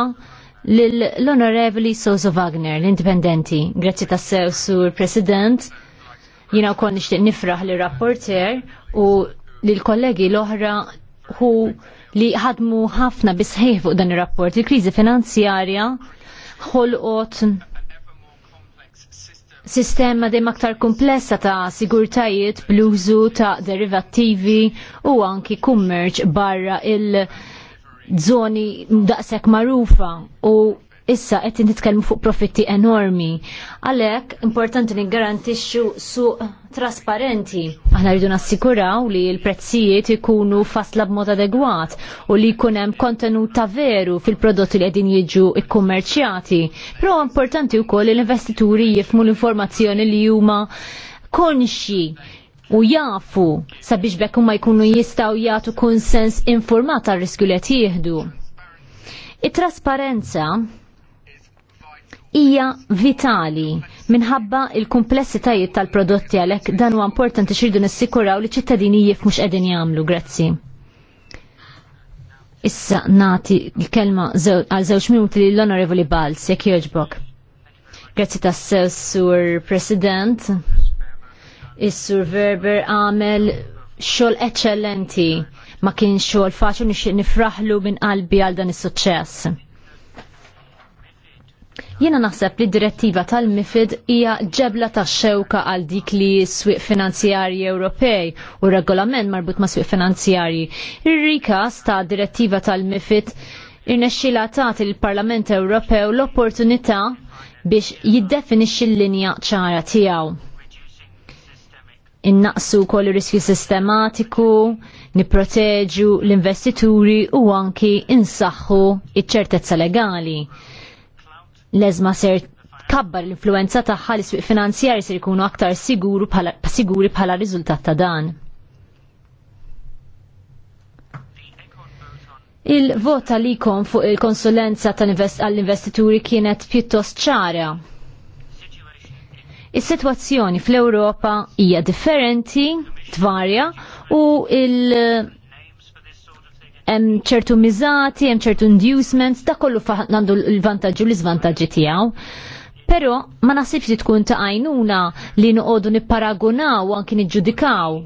l-Onorevoli Soso Wagner, l-Indipendenti. Grazzi tas-sew, sur President. Jina u kon nishtiq nifraħ li rapporter u li l-kollegi l-oħra hu li ħadmu ħafna bisħiħ fuq dan il-rapport. Il-krizi finanzjarja ħolqot sistema dejjem aktar komplessa ta' sigurtajiet bl-użu ta' derivattivi u anki kummerċ barra il- zoni daqshekk magħrufa u issa qed nitkellmu fuq profitti enormi. Għalhekk importanti li ngarantixxu suq trasparenti. Aħna rridu nassikuraw li l-prezzijiet ikunu fasla b'mod adegwat u li jkun hemm kontenut ta' veru fil-prodotti li qegħdin jiġu kkummerċjati. Però importanti wkoll li l-investituri jifmu l-informazzjoni li huma konxi u jafu sabiex bekk ma jkunu jistaw jagħtu konsens informat għal riskju li qed jieħdu. It-trasparenza hija vitali minħabba il-komplessitajiet tal-prodotti għalhekk dan huwa importanti xirdu nissikuraw li ċittadini mux x'qegħdin jagħmlu. Grazzi. Issa nati l-kelma għal żewġ minuti lill onorevoli Balz jekk jogħġbok. Grazzi tas sur President Is-Sur Verber għamel xogħol eċċellenti ma kien xogħol faċu nixtieq nifraħlu minn qalbi għal dan is-suċċess. Jiena naħseb li direttiva tal-MIFID hija ġebla ta' xewka għal dik li s-swieq finanzjarji Ewropej u regolament marbut ma' swieq finanzjarji. Ir-rikas ta' direttiva tal-MIFID irnexxila tagħti il-Parlament Ewropew l-opportunità biex jiddefinixxi l-linja ċara tiegħu innaqsu kol riskju sistematiku, niproteġu l-investituri u anki insaħħu iċ-ċertezza legali. Lezma ser kabbar l-influenza tagħha l iswiq finanzjari ser ikunu aktar siguri bħala riżultat ta' dan. Il-vota li kon fuq il-konsulenza għall-investituri kienet pjuttost ċara Is-sitwazzjoni fl-Ewropa hija differenti, tvarja u il- hemm ċertu miżati, hemm ċertu inducements, da kollu għandu l-vantaġġi u l-iżvantaġġi tiegħu. Però ma naħsibx li tkun ta' għajnuna li noqogħdu nipparagunaw anki niġġudikaw.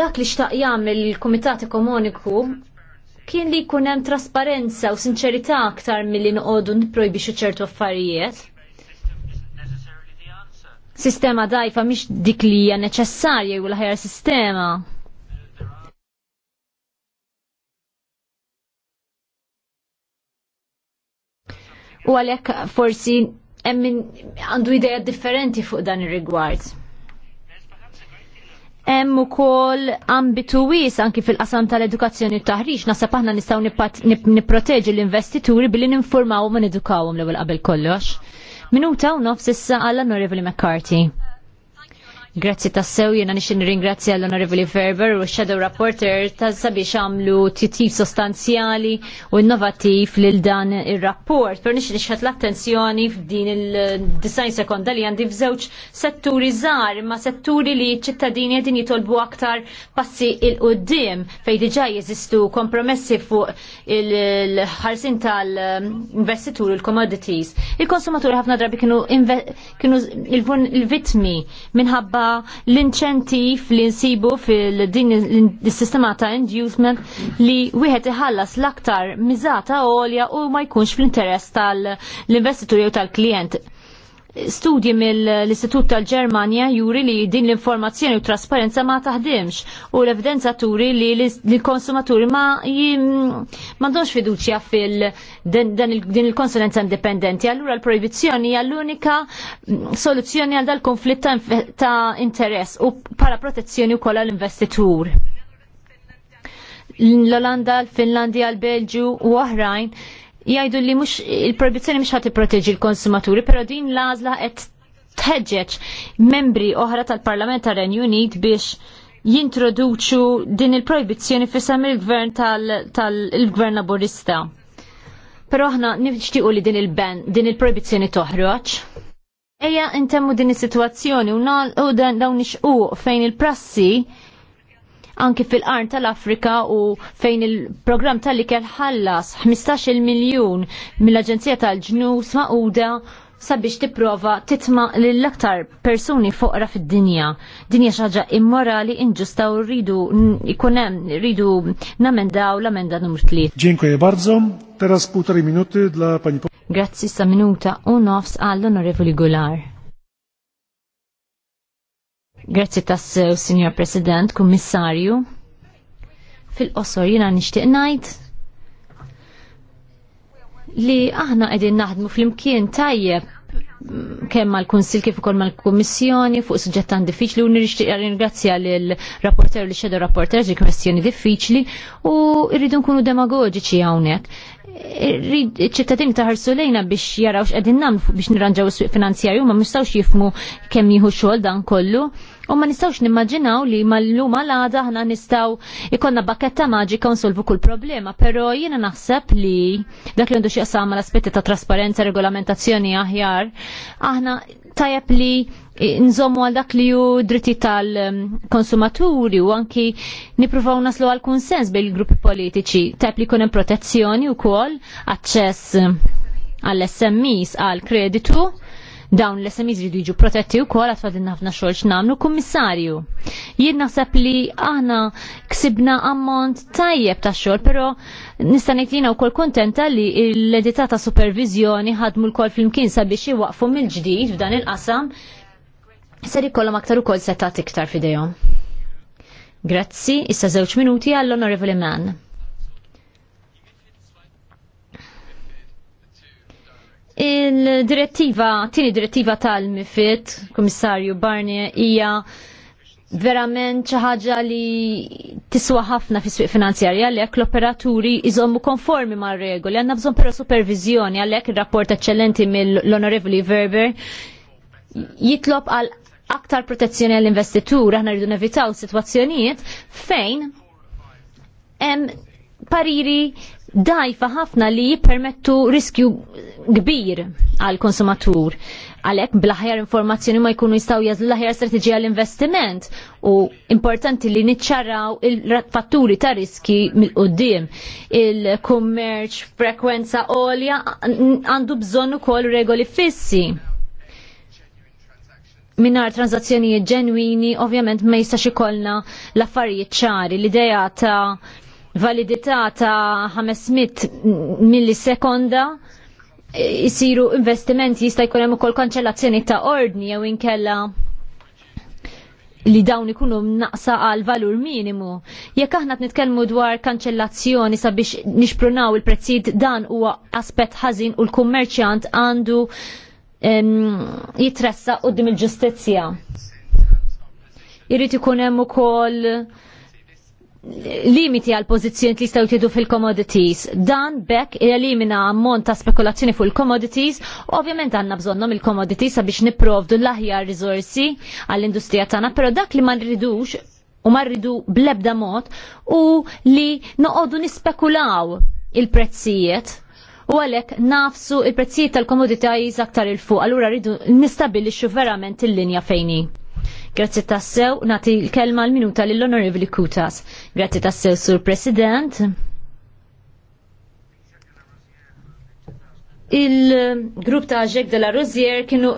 Dak li xtaq jagħmel il-Kumitat Ekonomiku kien li jkun hemm trasparenza u sinċerità aktar milli noqogħdu nipprojbixxu ċertu affarijiet sistema dajfa mhix dik li hija neċessarja jew l-ħajja sistema. U għalhekk forsi hemm għandu ideja differenti fuq dan ir-rigward. Hemm ukoll ambitu wies anki fil-qasam tal-edukazzjoni u taħriġ naħseb aħna nistgħu nipproteġi l-investituri billi ninformawhom u nedukawhom l-ewwel qabel kollox Minuta u nofs issa għall honorable McCarthy. Grazzi tassew jena nixin ringrazzi l-Onorevoli Ferber u Shadow Rapporter ta' sabiex għamlu titib sostanzjali u innovativ lil dan il-rapport. Per nixin nixħat l-attenzjoni f'din il-design sekonda li għandi f'żewġ setturi zar, ma setturi li ċittadini għedin jitolbu aktar passi il-qoddim fej diġa jeżistu kompromessi fuq il-ħarsin tal-investitur l commodities Il-konsumaturi ħafna drabi kienu il-vitmi minħabba ta' l-inċentiv li nsibu fil-din il-sistema ta' inducement li wieħed iħallas l-aktar miżata għolja u ma jkunx fl-interess tal-investitur jew tal-klient studji mill-Istitut tal-Ġermanja juri li din l-informazzjoni u trasparenza ma taħdimx u l-evidenza turi li l-konsumaturi ma mandonx fiduċja fil din il-konsulenza indipendenti. Allura l proibizjoni hija l-unika soluzzjoni għal dal-konflitt ta' interess u para protezzjoni wkoll l investitur L-Olanda, l-Finlandja, l-Belġu u oħrajn jajdu li mux il-proibizzjoni mux ħati proteġi l-konsumaturi, pero din lazla qed tħeġġeġ membri oħra tal-Parlament tar renju Unit biex jintroduċu din il-proibizzjoni fissam il-gvern tal-gvern laburista. Pero aħna nifġtiqu li din il-ben, din il-proibizzjoni toħroġ. Eja intemmu din is-sitwazzjoni u dawn ix fejn il-prassi anki fil-qarn tal-Afrika u fejn il-programm tal-ikel ħallas 15 miljun mill-Aġenzija tal-ġnus maquda sabiex tipprova titma lill-aktar persuni foqra fid-dinja. Dinja xaġa immorali, inġusta u rridu ikunem, rridu namenda u l-amenda numru 3. Dziękuję bardzo. Teraz półtorej dla pani... Grazzi sa minuta u nofs għall-onorevoli Gular. Grazzi tassew, Signor President, Kummissarju. Fil-qosor jina nishtiq najt li aħna qegħdin naħdmu fl-imkien tajjeb kemm mal-Kunsil kif ukoll mal-Kummissjoni fuq suġġett diffiċli u nirixtieq ringrazzja lil rapporter li xedu rapporter li kwestjoni diffiċli u rridu nkunu demagoġiċi hawnhekk. Ċittadini taħarsu lejna biex jarawx qegħdin nagħmlu biex nirranġaw is-suq finanzjarju ma mistgħux jifmu kemm jieħu xogħol dan kollu. U ma nistawx nimmaġinaw li mal luma l għada ħna nistaw ikonna baketta maġika unsolvu kull problema, pero jiena naħseb li dak li għandu għasama l aspetti ta' trasparenza, regolamentazzjoni aħjar, aħna tajab li nżommu għal dak li ju dritti tal-konsumaturi u anki nipruvaw naslu għal konsens bejn il-gruppi politiċi, tajab li kunem protezzjoni u kol, għall-SMEs għal kreditu dawn l-SMEs ridu jiġu protetti u kol għatfadin ħafna xogħol namlu kummissarju. Jien naħseb li aħna ksibna ammont tajjeb ta' xogħol, però nista' ngħid jiena wkoll kuntenta li l edita ta' supervizjoni ħadmu l-kol flimkien sabiex waqfu mill-ġdid f'dan il-qasam Seri ikollhom aktar ukoll setat iktar fidejhom. Grazzi, issa żewġ minuti għall-Onorevoli Mann. Il-direttiva, tini direttiva tal-MIFID, komissarju Barni, hija verament xi ħaġa li tiswa ħafna fis-swieq finanzjarja għalhekk l-operaturi iżommu konformi mar regoli għanna bżonn però supervizjoni għalhekk ir-rapport eċċellenti mill-Onorevoli Verber jitlob għal aktar protezzjoni għall-investitur aħna rridu nevitaw sitwazzjonijiet fejn hemm pariri dajfa ħafna li jippermettu riskju kbir għal konsumatur. Għalek blaħjar informazzjoni ma jkunu jistaw jazlu laħjar strategija l-investiment u importanti li nitċarraw il-fatturi ta' riski mill-qoddim. Il-kummerċ, frekwenza olja għandu bżonnu kol regoli fissi minnar transazzjonijiet ġenwini, ovvjament ma jistax ikollna l-affarijiet ċari, l-ideja ta' validità ta' 500 millisekonda jisiru investimenti jista' jkun hemm ukoll kanċellazzjoni ta' ordni jew inkella li dawn ikunu naqsa għal valur minimu. Jekk aħna nitkellmu dwar kanċellazzjoni sabiex nixprunaw il-prezzijiet dan huwa aspett ħażin u l-kummerċjant għandu jitressa qudiem il-ġustizzja. Irrid ikun hemm ukoll limiti għal pożizzjoni li jistgħu jtiedu fil-commodities. Dan bekk elimina ammont ta' spekulazzjoni fuq il-commodities, ovvjament għandna bżonnhom il-commodities sabiex nipprovdu l-aħjar riżorsi għall-industrija tagħna, però dak li ma rridux u ma rridu blebda mod u li noqogħdu nispekulaw il-prezzijiet u għalek nafsu il-prezzijiet tal-komoditajiz aktar il-fuq, allura rridu nistabilixxu verament il-linja fejni. Grazzi tassew, nati l-kelma l-minuta l-Onorevoli Kutas. Grazzi tassew, Sur President. Il-grupp ta' Jek de la Rosier kienu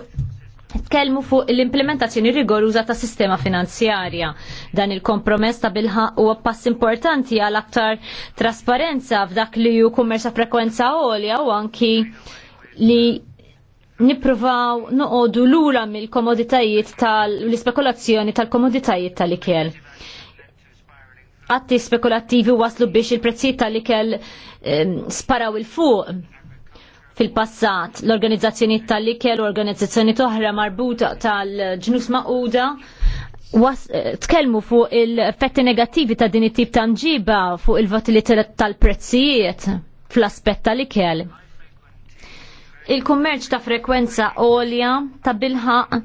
tkellmu fuq l-implementazzjoni rigoruża ta' sistema finanzjarja. Dan il-kompromess ta' bilħa huwa pass importanti għal aktar trasparenza f'dak li ju kummerċa frekwenza għolja u anki li nippruvaw noqogħdu lura mill-komoditajiet tal-spekulazzjoni tal-komoditajiet tal-ikel atti spekulattivi waslu biex il-prezzijiet tal-ikel ehm, sparaw il-fuq fil-passat l-organizzazzjoni tal-ikel u organizzazzjoni toħra marbuta tal-ġnus maquda eh, tkellmu fuq il-effetti negattivi ta' din it-tip ta' nġiba fuq il-volatilità tal-prezzijiet fl-aspett tal-ikel il-kummerċ ta' frekwenza għolja ta' bilħaq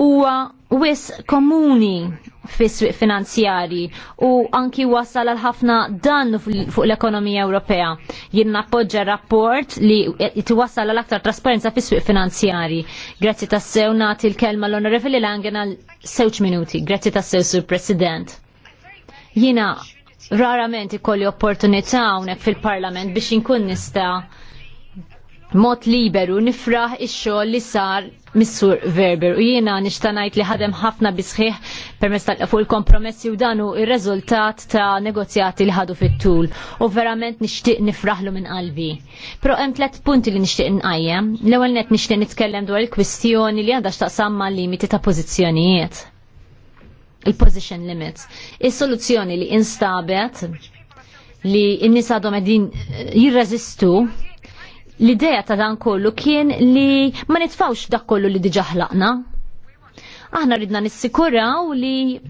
huwa wis komuni fis-swieq finanzjari u anki wasal għal ħafna dan fuq l-ekonomija Ewropea. Jien nappoġġa rapport li tiwassal għal aktar trasparenza fis-swieq finanzjari. Grazzi tas-sew nagħti l-kelma l-Onorevoli Langen għal sewġ minuti. Grazzi tas-sew Sur President. Jiena rarament ikolli opportunità hawnhekk fil-Parlament biex inkun nista' mod liberu nifraħ ix-xogħol li sar Missur Verber u jiena nixtanajt li ħadem ħafna bisħiħ permess tal fuq il-kompromessi u danu ir-reżultat ta' negozjati li ħadu fit-tul u verament nixtieq nifraħlu minn qalbi. Pro hemm tliet punti li nixtieq nqajjem. L-ewwel net nixtieq nitkellem dwar il-kwistjoni li għandha x'taqsam ma' limiti ta' pożizzjonijiet. Il-position limits. Is-soluzzjoni li instabet li n-nisa għadhom qegħdin eh, jirreżistu L-ideja ta' dan kollu kien li ma nitfawx dak kollu li diġa ħlaqna. Aħna ridna nissikuraw li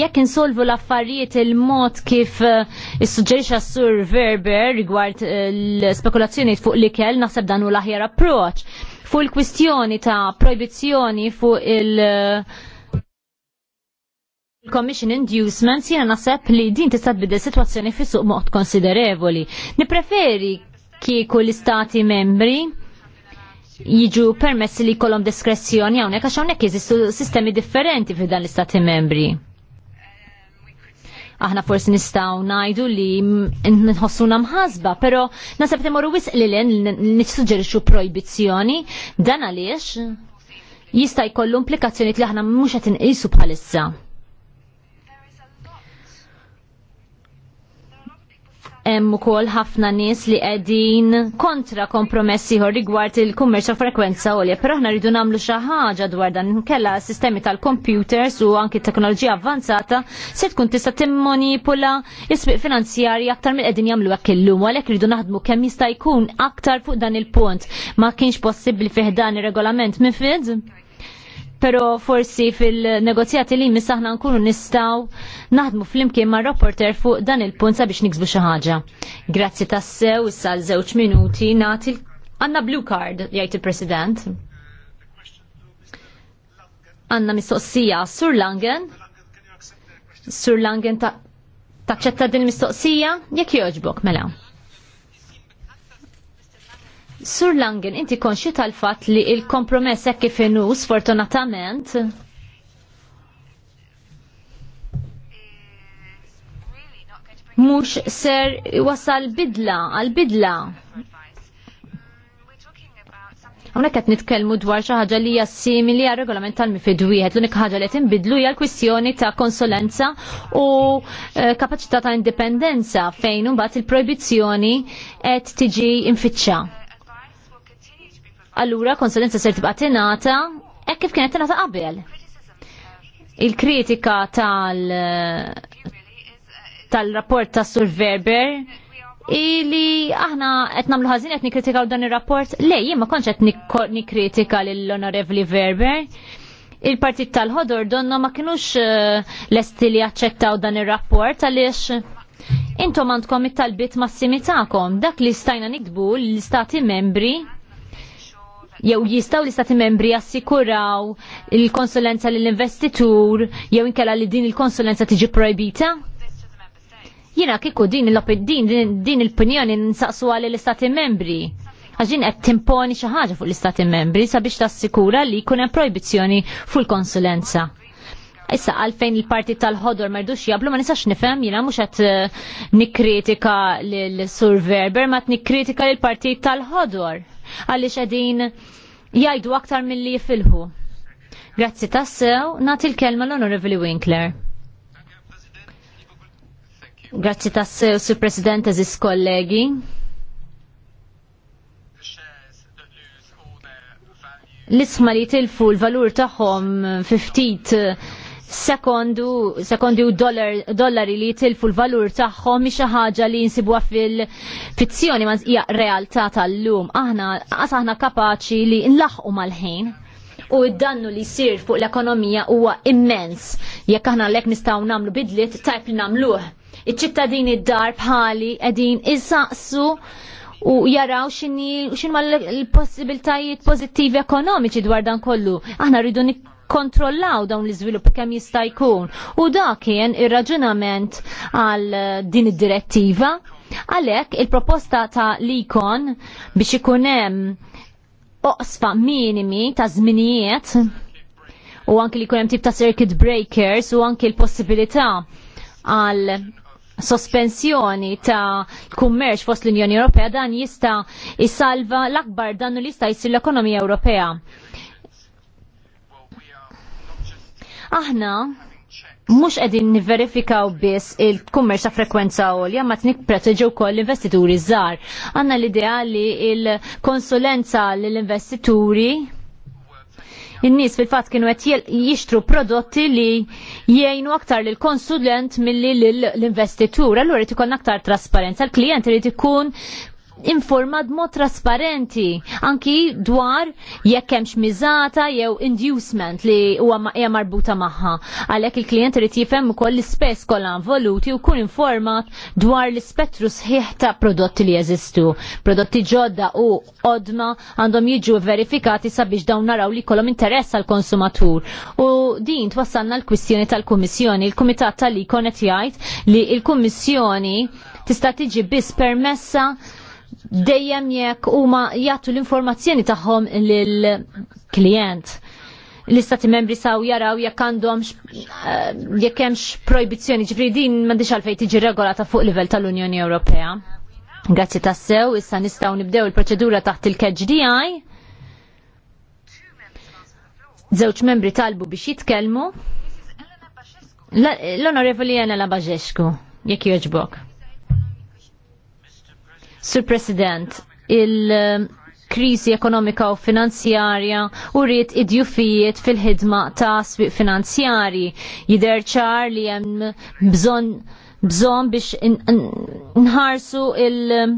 jekk insolvu l-affarijiet il-mod kif eh, issuġġerixxa sur Verber rigward eh, l-spekulazzjoni fuq l-ikel naħseb dan hu l-aħjar approċċ. fuq il-kwistjoni ta' proibizzjoni fuq il- Il-Commission Inducements jiena naħseb li din tista' tbidel sitwazzjoni fi suq moħt konsiderevoli. Nipreferi kieku l-istati membri jiġu permessi li kolom diskrezzjoni hawnhekk għax hawnhekk jeżistu sistemi differenti fi dan l-istati membri. Aħna forsi nistgħu ngħidu li nħossuna namħazba, però nasab temorru wisq li l nissuġġerixxu projbizzjoni dan għaliex jista' jkollu implikazzjoni li aħna mhux qed inqisu bħalissa. hemm ukoll ħafna nies li qegħdin kontra kompromessi ieħor rigward il-kummerċ ta' frekwenza għolja, però aħna rridu nagħmlu xi ħaġa dwar dan kella sistemi tal-computers u anki teknoloġija avvanzata se tkun tista' timmonipula swieq finanzjarji aktar mill qegħdin jagħmlu hekk illum għalhekk rridu naħdmu kemm jista' jkun aktar fuq dan il-punt. Ma kienx possibbli fih dan ir-regolament mifid? pero forsi fil-negozjati li misaħna nkunu nistaw naħdmu fl-imkien ma' rapporter fuq dan il-punt sabiex nikzbu xi ħaġa. Grazzi tassew issa l żewġ minuti nagħti għandna blue card jgħid il-President. Għandna mistoqsija Sur Langen. Sur Langen taċċetta din mistoqsija jekk jogħġbok mela. Sur Langen, inti konxi tal-fat li il-kompromess hekk kif sfortunatament mhux ser wasal bidla għal bidla. Hawnhekk qed nitkellmu dwar xi ħaġa li hija simili għal regolament tal-mifid L-unika ħaġa li qed inbidlu hija l-kwistjoni ta' konsolenza u eh, kapaċità ta' indipendenza fejn bat il-projbizzjoni qed tiġi infitxa allura konsulenza ser tibqa' tingħata hekk kif kienet tingħata qabel. Il-kritika tal tal-rapport ta' Sur Verber ili aħna qed nagħmlu ħażin qed nikkritikaw dan ir-rapport. Le, jien ma kontx qed nikkritika lill-Onorevli Verber. Il-partit tal-ħodor donna ma kinux eh, lesti li jaċċettaw dan ir-rapport għaliex intom għandkom it-talbit massimi Dak li stajna nikdbu l-istati membri jew jistaw l-istati membri assikuraw il-konsulenza l-investitur jew inkella li din il-konsulenza tiġi projbita? Jina kiku din l-opinjoni din, din il-opinjoni nsaqsu għal l-istati membri. Għaxin qed timponi xi ħaġa fuq l-istati membri sabiex tassikura li jkun hemm projbizzjoni fuq il-konsulenza. Issa għalfejn il-parti tal-ħodor merdux jablu ma nistax nifhem jiena mhux qed eh, nikkritika lil-Sur Verber ma nikkritika lill-parti tal-ħodor għaliex qegħdin jgħidu aktar milli jifilħu. Grazzi tassew, nagħti l-kelma l-Onorevoli Winkler. Grazzi tassew, Sur President, eżis kollegi. l-isma li tilfu l-valur taħħom ftit eh, sekondu, sekondu dollar, dollari li tilfu l-valur tagħhom xi ħaġa li jinsibuha fil-fizzjoni ma hija realtà tal-lum. Aħna qas aħna kapaċi li nlaħqu mal-ħin u id-dannu li jsir fuq l-ekonomija huwa immens. Jekk aħna lek nistgħu nagħmlu bidlit tajp li nagħmluh. Iċ-ċittadini d-dar bħali qegħdin isaqsu u jaraw xini xinma l-possibiltajiet pozittivi ekonomiċi dwar dan kollu. Aħna rridu Jikkontrollaw dawn l izvilupp kemm jista' jkun. U dak kien ir-raġunament għal eh, din id-direttiva għalhekk il-proposta ta' likon biex ikun hemm oqsfa minimi ta' żminijiet u anki li kunem tip ta' circuit breakers u anki l-possibilità għal sospensjoni ta' kummerċ fost l-Unjoni Ewropea dan jista' jsalva l-akbar dannu li jista' jsir l-ekonomija Ewropea. Aħna mhux qegħdin niverifikaw biss il-kummerċ ta' frekwenza għolja ma tnik proteġu wkoll l-investituri żgħar. Għanna l-idea li l-konsulenza l-investituri in-nies fil-fatt kienu qed jixtru prodotti li jgħinu aktar l konsulent milli l-investitur. Allura irid ikun aktar trasparenza. l klient irid ikun informat mod trasparenti anki dwar jekk hemmx miżata jew inducement li huwa hija marbuta magħha. Għalhekk il-klijent irid jifhem ukoll l-ispess kollha involuti u kun informat dwar l-ispettru sħiħ ta' prodotti li jeżistu. Prodotti ġodda u odma għandhom jiġu verifikati sabiex dawn naraw li kolom interess għal konsumatur. U din twassalna l-kwistjoni tal-Kummissjoni. Il-Kumitat tal ikonet qed jgħid li l-Kummissjoni tista' tiġi biss permessa dejjem jekk huma jagħtu l-informazzjoni tagħhom lill-klijent l-istati membri saw jaraw jekk għandhom eh, jekk hemmx proibizzjoni ġifri din m'għandix għalfejn tiġi regolata fuq livell tal-Unjoni Ewropea. Grazzi tassew, issa nistgħu nibdew il-proċedura taħt il-KGDI. Żewġ membri talbu biex jitkellmu. L-Onorevoli Elena Baġesku, jekk jogħġbok. Sur President, il- kriżi ekonomika u finanzjarja u rrit idjufijiet fil-ħidma ta' sbiq finanzjarji. Jider ċar li hemm bżonn bżon biex nħarsu il-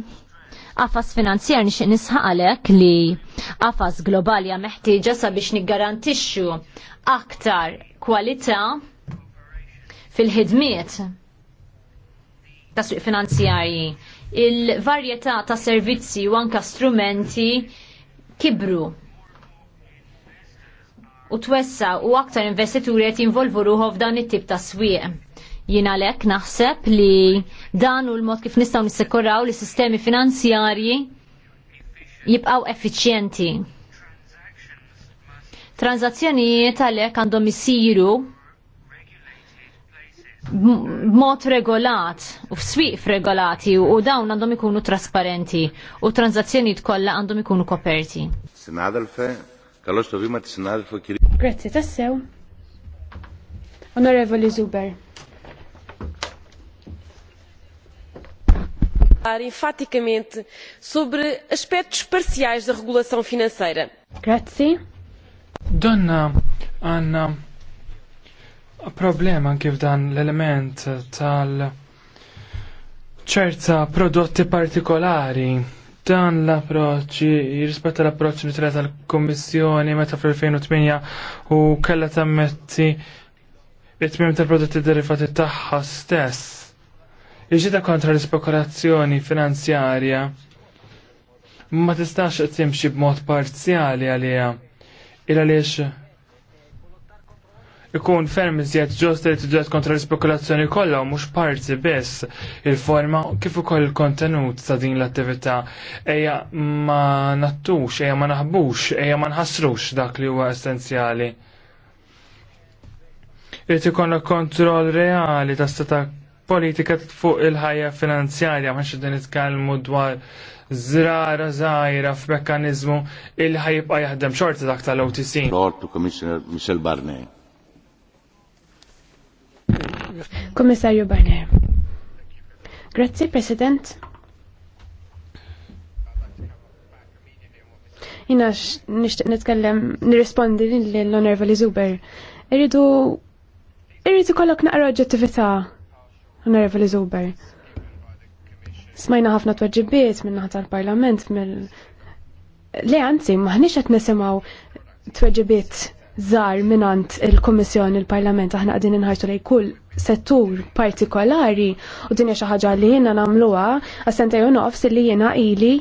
Qafas finanzjar nixin nisħalek li qafas globali meħtieġa sabiex niggarantixxu aktar kwalità fil-ħidmiet ta' suq finanzjarji il-varjetà ta' servizzi u anka strumenti kibru u twessa u aktar investituri qed jinvolvu ruħu f'dan it-tip ta' swieq. Jina lek naħseb li dan u l-mod kif nistgħu nissikuraw li sistemi finanzjarji jibqaw effiċjenti. Transazzjonijiet għalhekk għandhom isiru b'mod regolat u f'swieq regolati u dawn għandhom ikunu trasparenti u tranzazzjonijiet kollha għandhom ikunu koperti. Sinadelfe, kalox to vima tisinadelfe kiri. Grazzi tassew. Onorevoli Zuber. enfaticamente sobre aspectos parciais da regulação financeira. Grazie. Dona Ana, problema kif dan l-element tal- ċerta prodotti partikolari dan l-approċ, jirrispetta l-approċ li tra tal-Kommissjoni meta fl-2008 u kella tammetti it-tmim tal-prodotti derivati tagħha stess. Iġita kontra l-spekulazzjoni finanzjarja ma tistax timxi b'mod parzjali għalija il għaliex ikun ferm iżjed ġost li tiġġed kontra l-spekulazzjoni kollha u mhux parti biss il-forma kif ukoll il-kontenut ta' din l-attività ejja ma nattux, ejja ma naħbux, ejja ma nħassrux dak li huwa essenzjali. Irid ikun kontroll reali ta' stata politika fuq il-ħajja finanzjarja ma din nitkellmu dwar zrara zaħira f'mekkanizmu il-ħajibqa jaħdem xorti dak tal-OTC. Lord to Commissioner Michel Barnier. Komissarju Barnier. Grazzi, President. Jina nishtiq nitkellem, nirrispondi l-Onorevoli Zuber. Irridu, irridu kollok naqra oġġettività, Onorevoli Zuber. Smajna ħafna tweġibiet naħa tal-Parlament, mill... Le, anzi, maħniex qed nisimgħu tweġibiet żar minant il kummissjoni il-Parlament aħna qegħdin inħarsu lejn kull settur partikolari u din hija xi ħaġa li jiena nagħmluha għas-sentej u nofs li jiena ili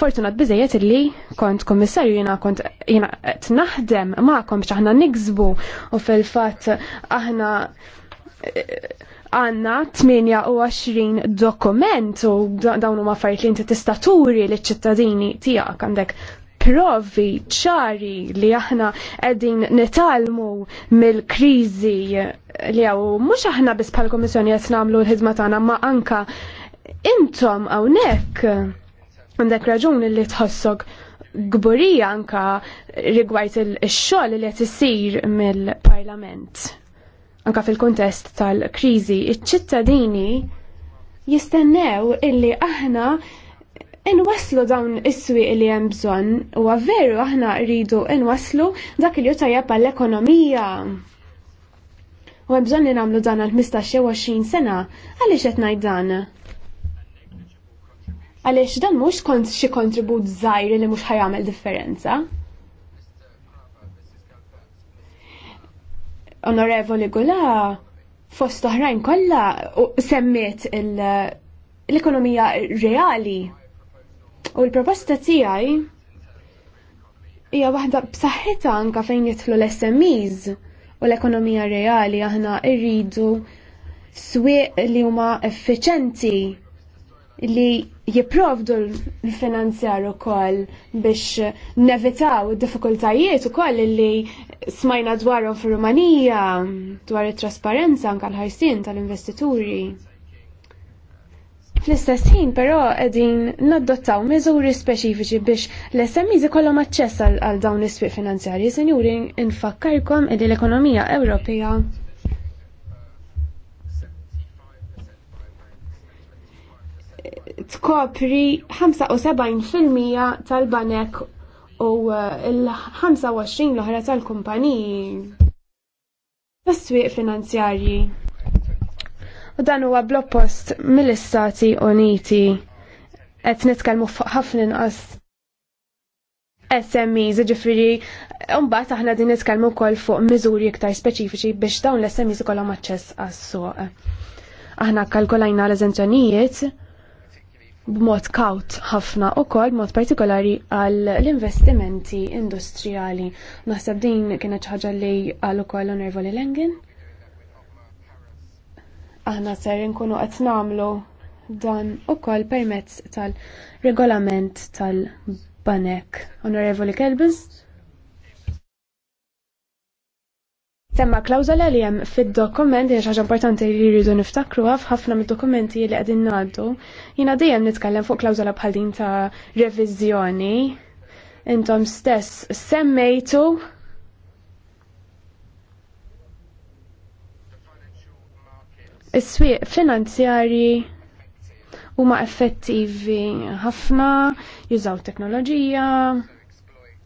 fortunat biżejjed illi kont kommissarju jiena kont jiena qed naħdem magħkom biex aħna niksbu u fil-fatt aħna għanna 28 dokument u dawn huma affarijiet li inti tista' turi liċ-ċittadini tiegħek għandek provi ċari li aħna qegħdin netalmu mill-kriżi li għaw mux aħna bis pal komissjoni qed nagħmlu l-ħidma tagħna ma anka intom hawnhekk għandek raġun li tħossok gburija anka rigward il xol li qed isir mill-Parlament. Anka fil-kontest tal-kriżi, iċ-ċittadini jistennew illi aħna inwaslu dawn is-swieq li hemm bżonn huwa veru aħna rridu inwaslu dak li tajjeb għall-ekonomija. U hemm bżonn li nagħmlu dan għal 15-20 sena għaliex qed ngħid dan. Għaliex dan mhux kont xi kontribut żgħir li mhux ħajamel differenza. Onorevoli Gula, fost oħrajn kollha semmiet l-ekonomija reali U l-proposta tiegħi hija waħda b'saħħitha anke fejn jidħlu l-SMEs u l-ekonomija reali aħna rridu swieq li huma effiċenti li jiprovdu l-finanzjar ukoll biex nevitaw id-diffikultajiet ukoll li smajna dwarhom fir-Rumanija dwar it-trasparenza anke l-ħarsien tal-investituri. Fl-istess ħin però qegħdin naddottaw miżuri speċifiċi biex l-SMEs ikollhom aċċess għal dawn is-swieq finanzjarji. Sinjuri, infakkarkom li l-ekonomija Ewropea tkopri 75% tal-banek u eh, l-25 l-oħra tal-kumpaniji. tas swieq finanzjarji u dan huwa post mill-Istati Uniti. Qed nitkellmu fuq ħafna inqas SMEs, ġifiri, mbagħad aħna din nitkellmu wkoll fuq miżuri iktar speċifiċi biex dawn l-SMEs ikollhom aċċess għas-suq. Aħna kalkolajna l-eżenzjonijiet b'mod kaut ħafna u b'mod partikolari għal l-investimenti industrijali. Naħseb din kienet ħaġa li għal ukoll onorevoli Lengen. Aħna ser nkunu qed nagħmlu dan ukoll permezz tal-regolament tal-banek. Onorevoli Kelbis? Temma klawżola li hemm fid-dokument hija ħaġa importanti li jridu niftakruha f'ħafna mid-dokumenti li qegħdin ngħaddu. Jiena dejjem nitkellem fuq klawżola bħal din ta' reviżjoni. Intom stess semmejtu Is-swieq finanzjarji huma effettivi ħafna, jużaw teknoloġija,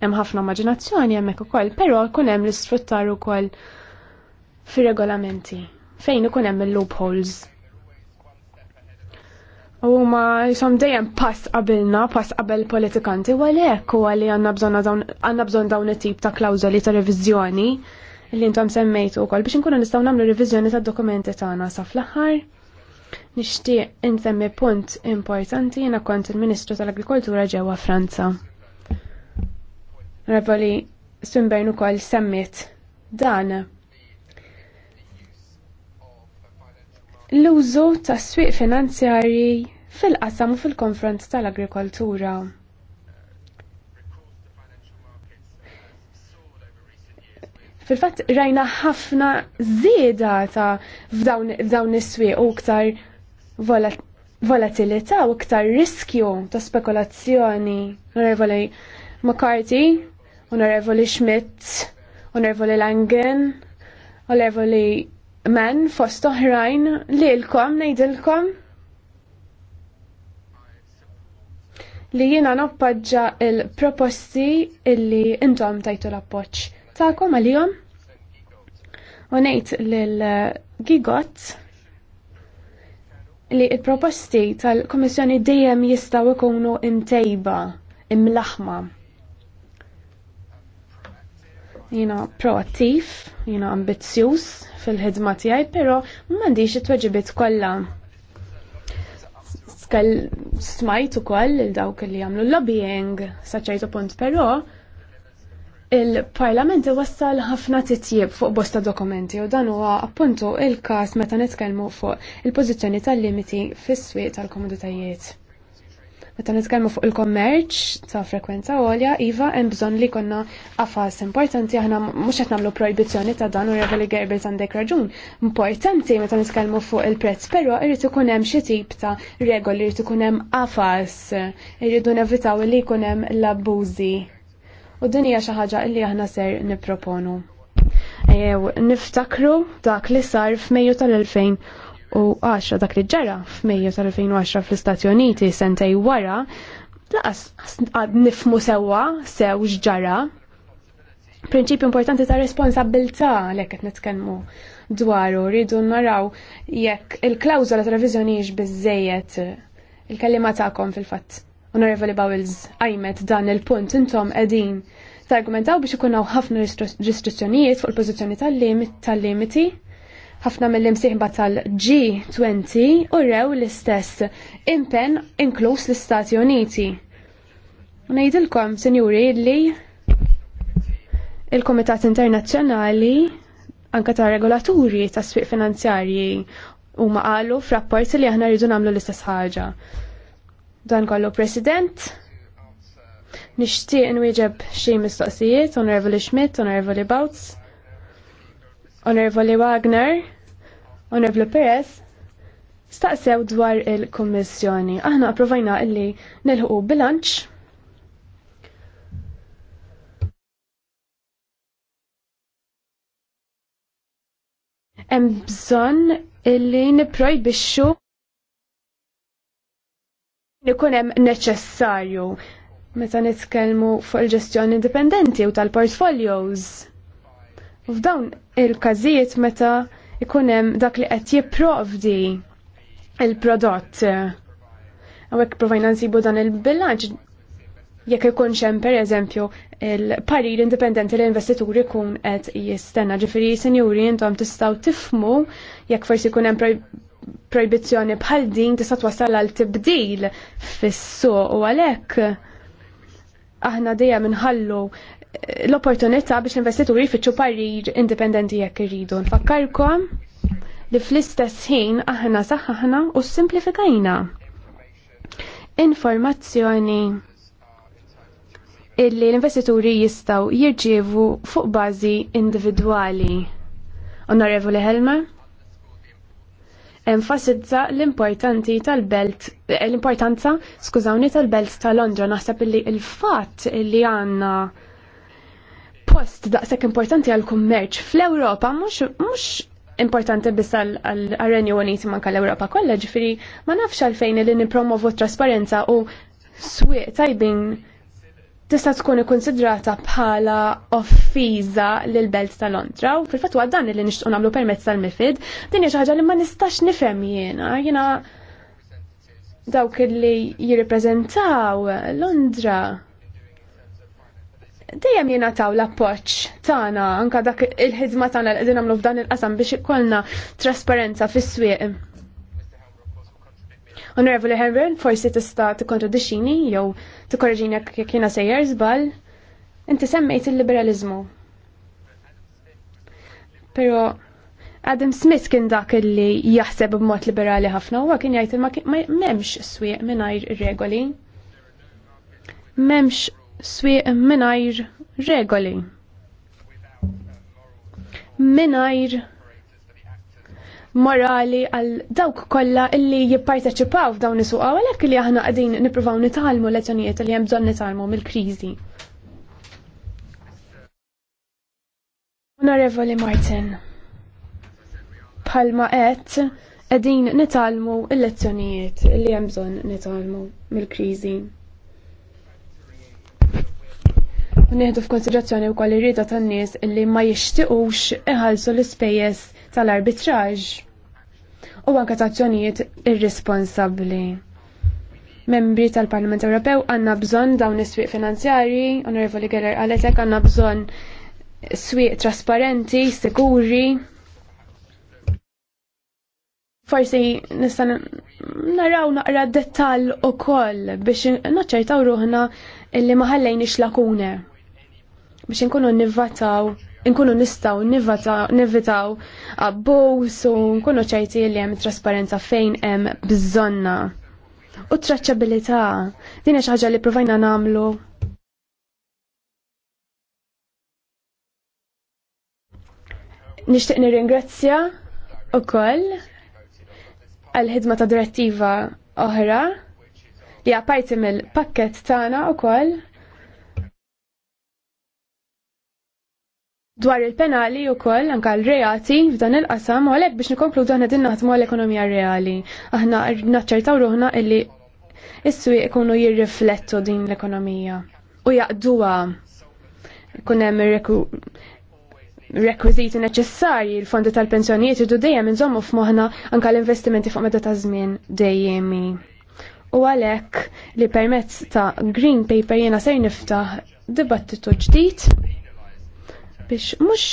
hemm ħafna immaġinazzjoni hemmhekk ukoll, però jkun hemm l-isfruttar ukoll fir-regolamenti fejn ikun hemm il-loopholes. Huma jisom dejjem pass qabilna, pass qabel politikanti, u għalhekk huwa li għandna bżonn dawn it-tip ta' klawżoli ta' reviżjoni li intom semmejtu wkoll biex inkunu nistgħu nagħmlu riviżjoni tad-dokumenti tagħna sa fl-aħħar. Nixtieq insemmi punt importanti jiena kont il-Ministru tal-Agrikoltura ġewwa Franza. Ravoli Swinburne ukoll semmit dan l-użu ta' swieq finanzjarji fil-qasam u fil-konfront tal-agrikoltura. Fil-fatt rajna ħafna zieda ta' f'dawn is-swieq u iktar volatilità u iktar riskju ta' spekulazzjoni. Onorevoli McCarthy, Onorevoli Schmidt, Onorevoli Langen, Onorevoli men fost oħrajn li l-kom li jiena noppaġġa il-proposti illi intom tajtu l-appoċ ta'kom għal-jom u ngħid lil-Gigot eh, li il-proposti tal-Komissjoni dejjem jistgħu jkunu imtejba, imlaħma. Jina proattiv, jina ambizzjuż fil-ħidma tiegħi, però m'għandix it-tweġibiet kollha. Skal smajt ukoll il dawk li jagħmlu lobbying sa punt, però Il-Parlament wassal ħafna titjib fuq bosta dokumenti u dan huwa appuntu il-każ meta nitkellmu fuq il-pożizzjoni tal-limiti fis-swieq tal-komoditajiet. Meta nitkellmu fuq il-kommerċ ta' frekwenza għolja, iva hemm bżonn li konna affas importanti aħna mhux qed nagħmlu projbizzjoni ta' dan u reveli gerbil għandek raġun. Importanti meta nitkellmu fuq il-prezz, però irid ikun hemm xi tip ta' regoli, irid ikun hemm affas, irridu nevitaw li jkun hemm l-abbużi u din hija xi ħaġa li aħna ser nipproponu. Ew niftakru dak li sar f'Mejju tal-2010 dak li ġara f'Mejju tal-2010 fl-Istati Uniti sentej wara laqas nifmu sewwa sew x'ġara. Prinċipju importanti ta' responsabilità li qed nitkellmu dwaru rridu naraw jekk il-klawżola tal-reviżjoni biżejjed il-kelliema tagħkom fil-fatt Honorable Bowles, għajmet dan il-punt intom edin targumentaw biex ikunaw ħafna restrizzjonijiet fuq il-pożizzjoni tal-limiti, ħafna mill-imsieħba tal-G20 u rew l-istess impen inkluż l-Istati Uniti. Ngħidilkom, sinjuri, li il-Komitat Internazzjonali anka ta' regolaturi ta' swieq finanzjarji huma qalu f'rapporti li aħna rridu nagħmlu l-istess ħaġa. Dan kollu President. Nixtieq nwieġeb xi mistoqsijiet, Onorevoli Schmidt, Onorevoli Bautz, Onorevoli Wagner, Onorevoli Perez, staqsew dwar il-Kommissjoni. Aħna approvajna illi nilħu bilanċ Hemm bżonn illi nipprojbixxu ikun hemm neċessarju meta nitkellmu fuq il-ġestjoni indipendenti u tal-portfolios. U f'dawn il-każijiet meta ikun hemm dak li qed jipprovdi il-prodott. Għawek provajna nsibu dan il-bilanċ jekk ikun xem per eżempju il-parir indipendenti l investituri kun qed jistenna. Ġifieri senjuri intom tistgħu tifmu jekk forsi jkun hemm proibizzjoni bħal din tista' twassal għal tibdil fis-suq u għalhekk aħna dejjem inħallu eh, l-opportunità biex investituri jfittxu parir indipendenti jekk iridu. Nfakkarkom li fl-istess ħin aħna saħħaħna u simplifikajna informazzjoni illi l-investituri jistaw jirġievu fuq bażi individwali. Onorevoli Helmer? enfasizza l-importanti tal-belt, eh, l-importanza, skużawni, tal-belt ta' Londra. Naħseb li il-fat li għanna post daqsek importanti għal-kummerċ fl-Europa mux, mux importanti biss għal-Renju Uniti manka l-Europa kollha ġifiri ma nafx għalfejn li nipromovu trasparenza u swieq tajbin tista' tkun ikkonsidrata bħala offiża lil belt ta' Londra u fil huwa dan li nixtqu nagħmlu permezz tal-MIFID din hija ħaġa li ma nistax nifhem jiena jiena dawk li jirrepreżentaw Londra dejjem jiena taw l-appoġġ tagħna anke dak il-ħidma tagħna li qegħdin nagħmlu f'dan il-qasam biex ikollna trasparenza fis-swieq. Onorevoli Herbert, forsi tista' tikkontradixxini jew tikkorreġini jekk jiena sejjer żball, inti semmejt il-liberalizmu. Però Adam Smith kien dak li jaħseb b'mod liberali ħafna huwa kien jgħid ma m'hemmx swieq mingħajr regoli. M'hemmx swieq mingħajr regoli. Mingħajr morali għal dawk kollha illi jipparteċipaw f'dawn is suqa għalhekk li aħna qegħdin nippruvaw nitalmu lezzjonijiet li hemm bżonn nitalmu mill-kriżi. Onorevoli Martin, bħalma qed qegħdin nitalmu l-lezzjonijiet li hemm bżonn nitalmu mill-kriżi. Nieħdu f'konsiderazzjoni wkoll ir-rieda tan-nies illi ma jixtiequx iħallsu l-ispejjeż tal-arbitraġ u anka tazzjonijiet irresponsabbli. Membri tal-Parlament Ewropew għandna bżonn dawn is-swieq finanzjarji, Onorevoli Geller għaletek għandna bżonn swieq trasparenti, sikuri. Forsi nistan naraw naqra dettall ukoll biex naċċertaw ruħna illi ma ħallejniex lakune biex inkunu nivvataw nkunu nistaw nivitaw għabbow su nkunu ċajti li hemm trasparenza fejn hemm bżonna. U traċċabilità din hija xi ħaġa li provajna nagħmlu. Nixtieq nirringrazzja koll għal-ħidma ta' direttiva oħra li għapajti mill-pakket tagħna koll dwar il-penali u koll anka l-reati f'dan il-qasam u għalek biex d aħna din naħdmu għall-ekonomija reali. Aħna naċċertaw ruħna illi issu ikunu jirriflettu din l-ekonomija u jaqduha kun hemm rekwiziti neċessarji l-fondi tal-pensjonijiet idu dejjem inżommu f'moħna anka l-investimenti fuq meta ta' żmien dejjemi. U għalhekk li permezz ta' Green Paper jiena ser niftaħ dibattitu ġdid biex mhux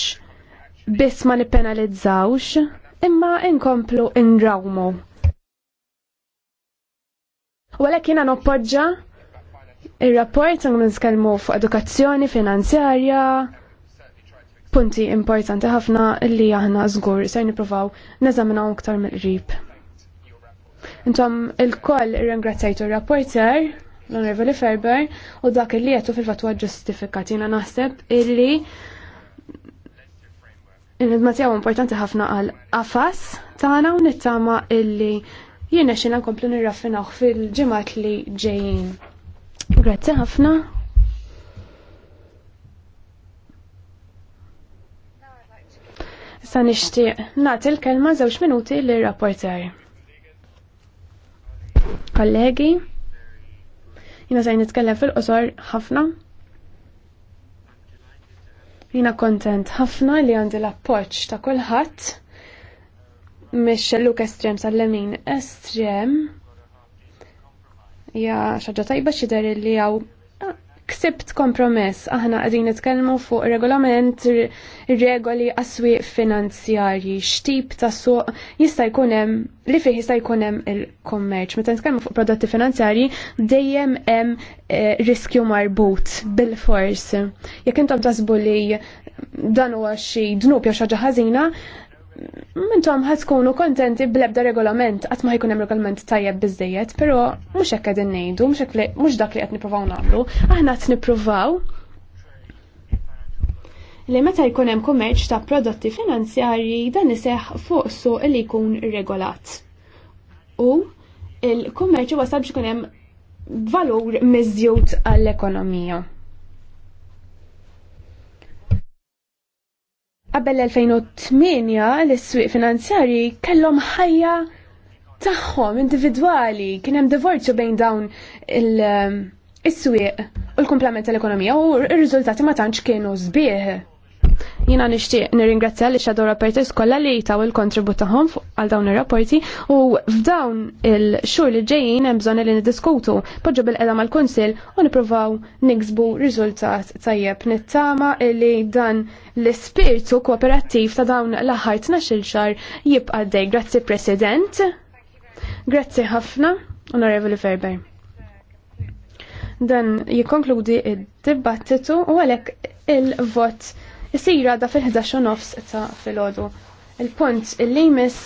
biss ma nippenalizzawx imma inkomplu inrawmu. U għalhekk jiena noppoġġa ir-rapport għan nitkellmu fuq edukazzjoni finanzjarja, punti importanti ħafna li aħna żgur se nippruvaw neżaminaw iktar mill-qrib. Intom il-koll irringrazzajtu r-rapporter l-Onorevoli Ferber u dak il-lietu fil-fatwa ġustifikat. Jina naħseb illi Il-ridma tiegħu importanti ħafna għal qafas tagħna u nittama illi jiena xina nkomplu nirraffinaw fil-ġimgħat li ġejjin. Grazzi ħafna. Sa nixtieq nagħti l-kelma żewġ minuti lir-rapporter. Kollegi, jiena se nitkellem fil-qosor ħafna. Jina kontent ħafna li għandi l-appoċ ta' kolħat mish luk estrem sal-lemin estrem ja xaġa tajba xider li għaw Ksibt kompromess, aħna għadin nitkellmu fuq regolament regoli għaswi finanzjarji, xtip ta' suq jista' jkunem li fih jista' jkunem il-kommerċ. Meta nitkellmu fuq prodotti finanzjarji dejjem hemm eh, riskju marbut bil-fors. Jekk intom tasbu li dan huwa xi dnub jew xi ħażina, mintom ħad tkunu kontenti blebda ebda regolament, għat ma jkun hemm regolament tajjeb biżdejjed, però mhux hekk qegħdin ngħidu, mhux dak li qed nippruvaw nagħmlu, aħna qed nippruvaw li meta jkun hemm kummerċ ta' prodotti finanzjarji dan iseħħ fuq su li jkun regolat. U il-kummerċ huwa sabx ikun hemm valur miżjud għall-ekonomija. Qabel 2008 l-iswiq finanzjari kellhom ħajja tagħhom individwali kien hemm divorzju bejn dawn il um, iswiq u l-kumplament tal-ekonomija u r-riżultati ma tantx kienu sbieħ. Jina nishtiq nirringrazzja li xadu rapportis kolla li jitaw il-kontribut taħom għal dawn il-rapporti u f'dawn il-xur li ġejjin hemm bżonn li niddiskutu poġġu bil-qeda mal-Kunsill u nippruvaw niksbu riżultat tajjeb nittama li dan l-ispirtu kooperattiv ta' dawn l-aħħar 12-il xar jibqa' dej. Grazzi President. Grazzi ħafna, Onorevoli Ferber dan jikonkludi id-dibattitu u għalek il-vot Isira da fil-11 nofs ta' filgħodu. Il-punt il-limis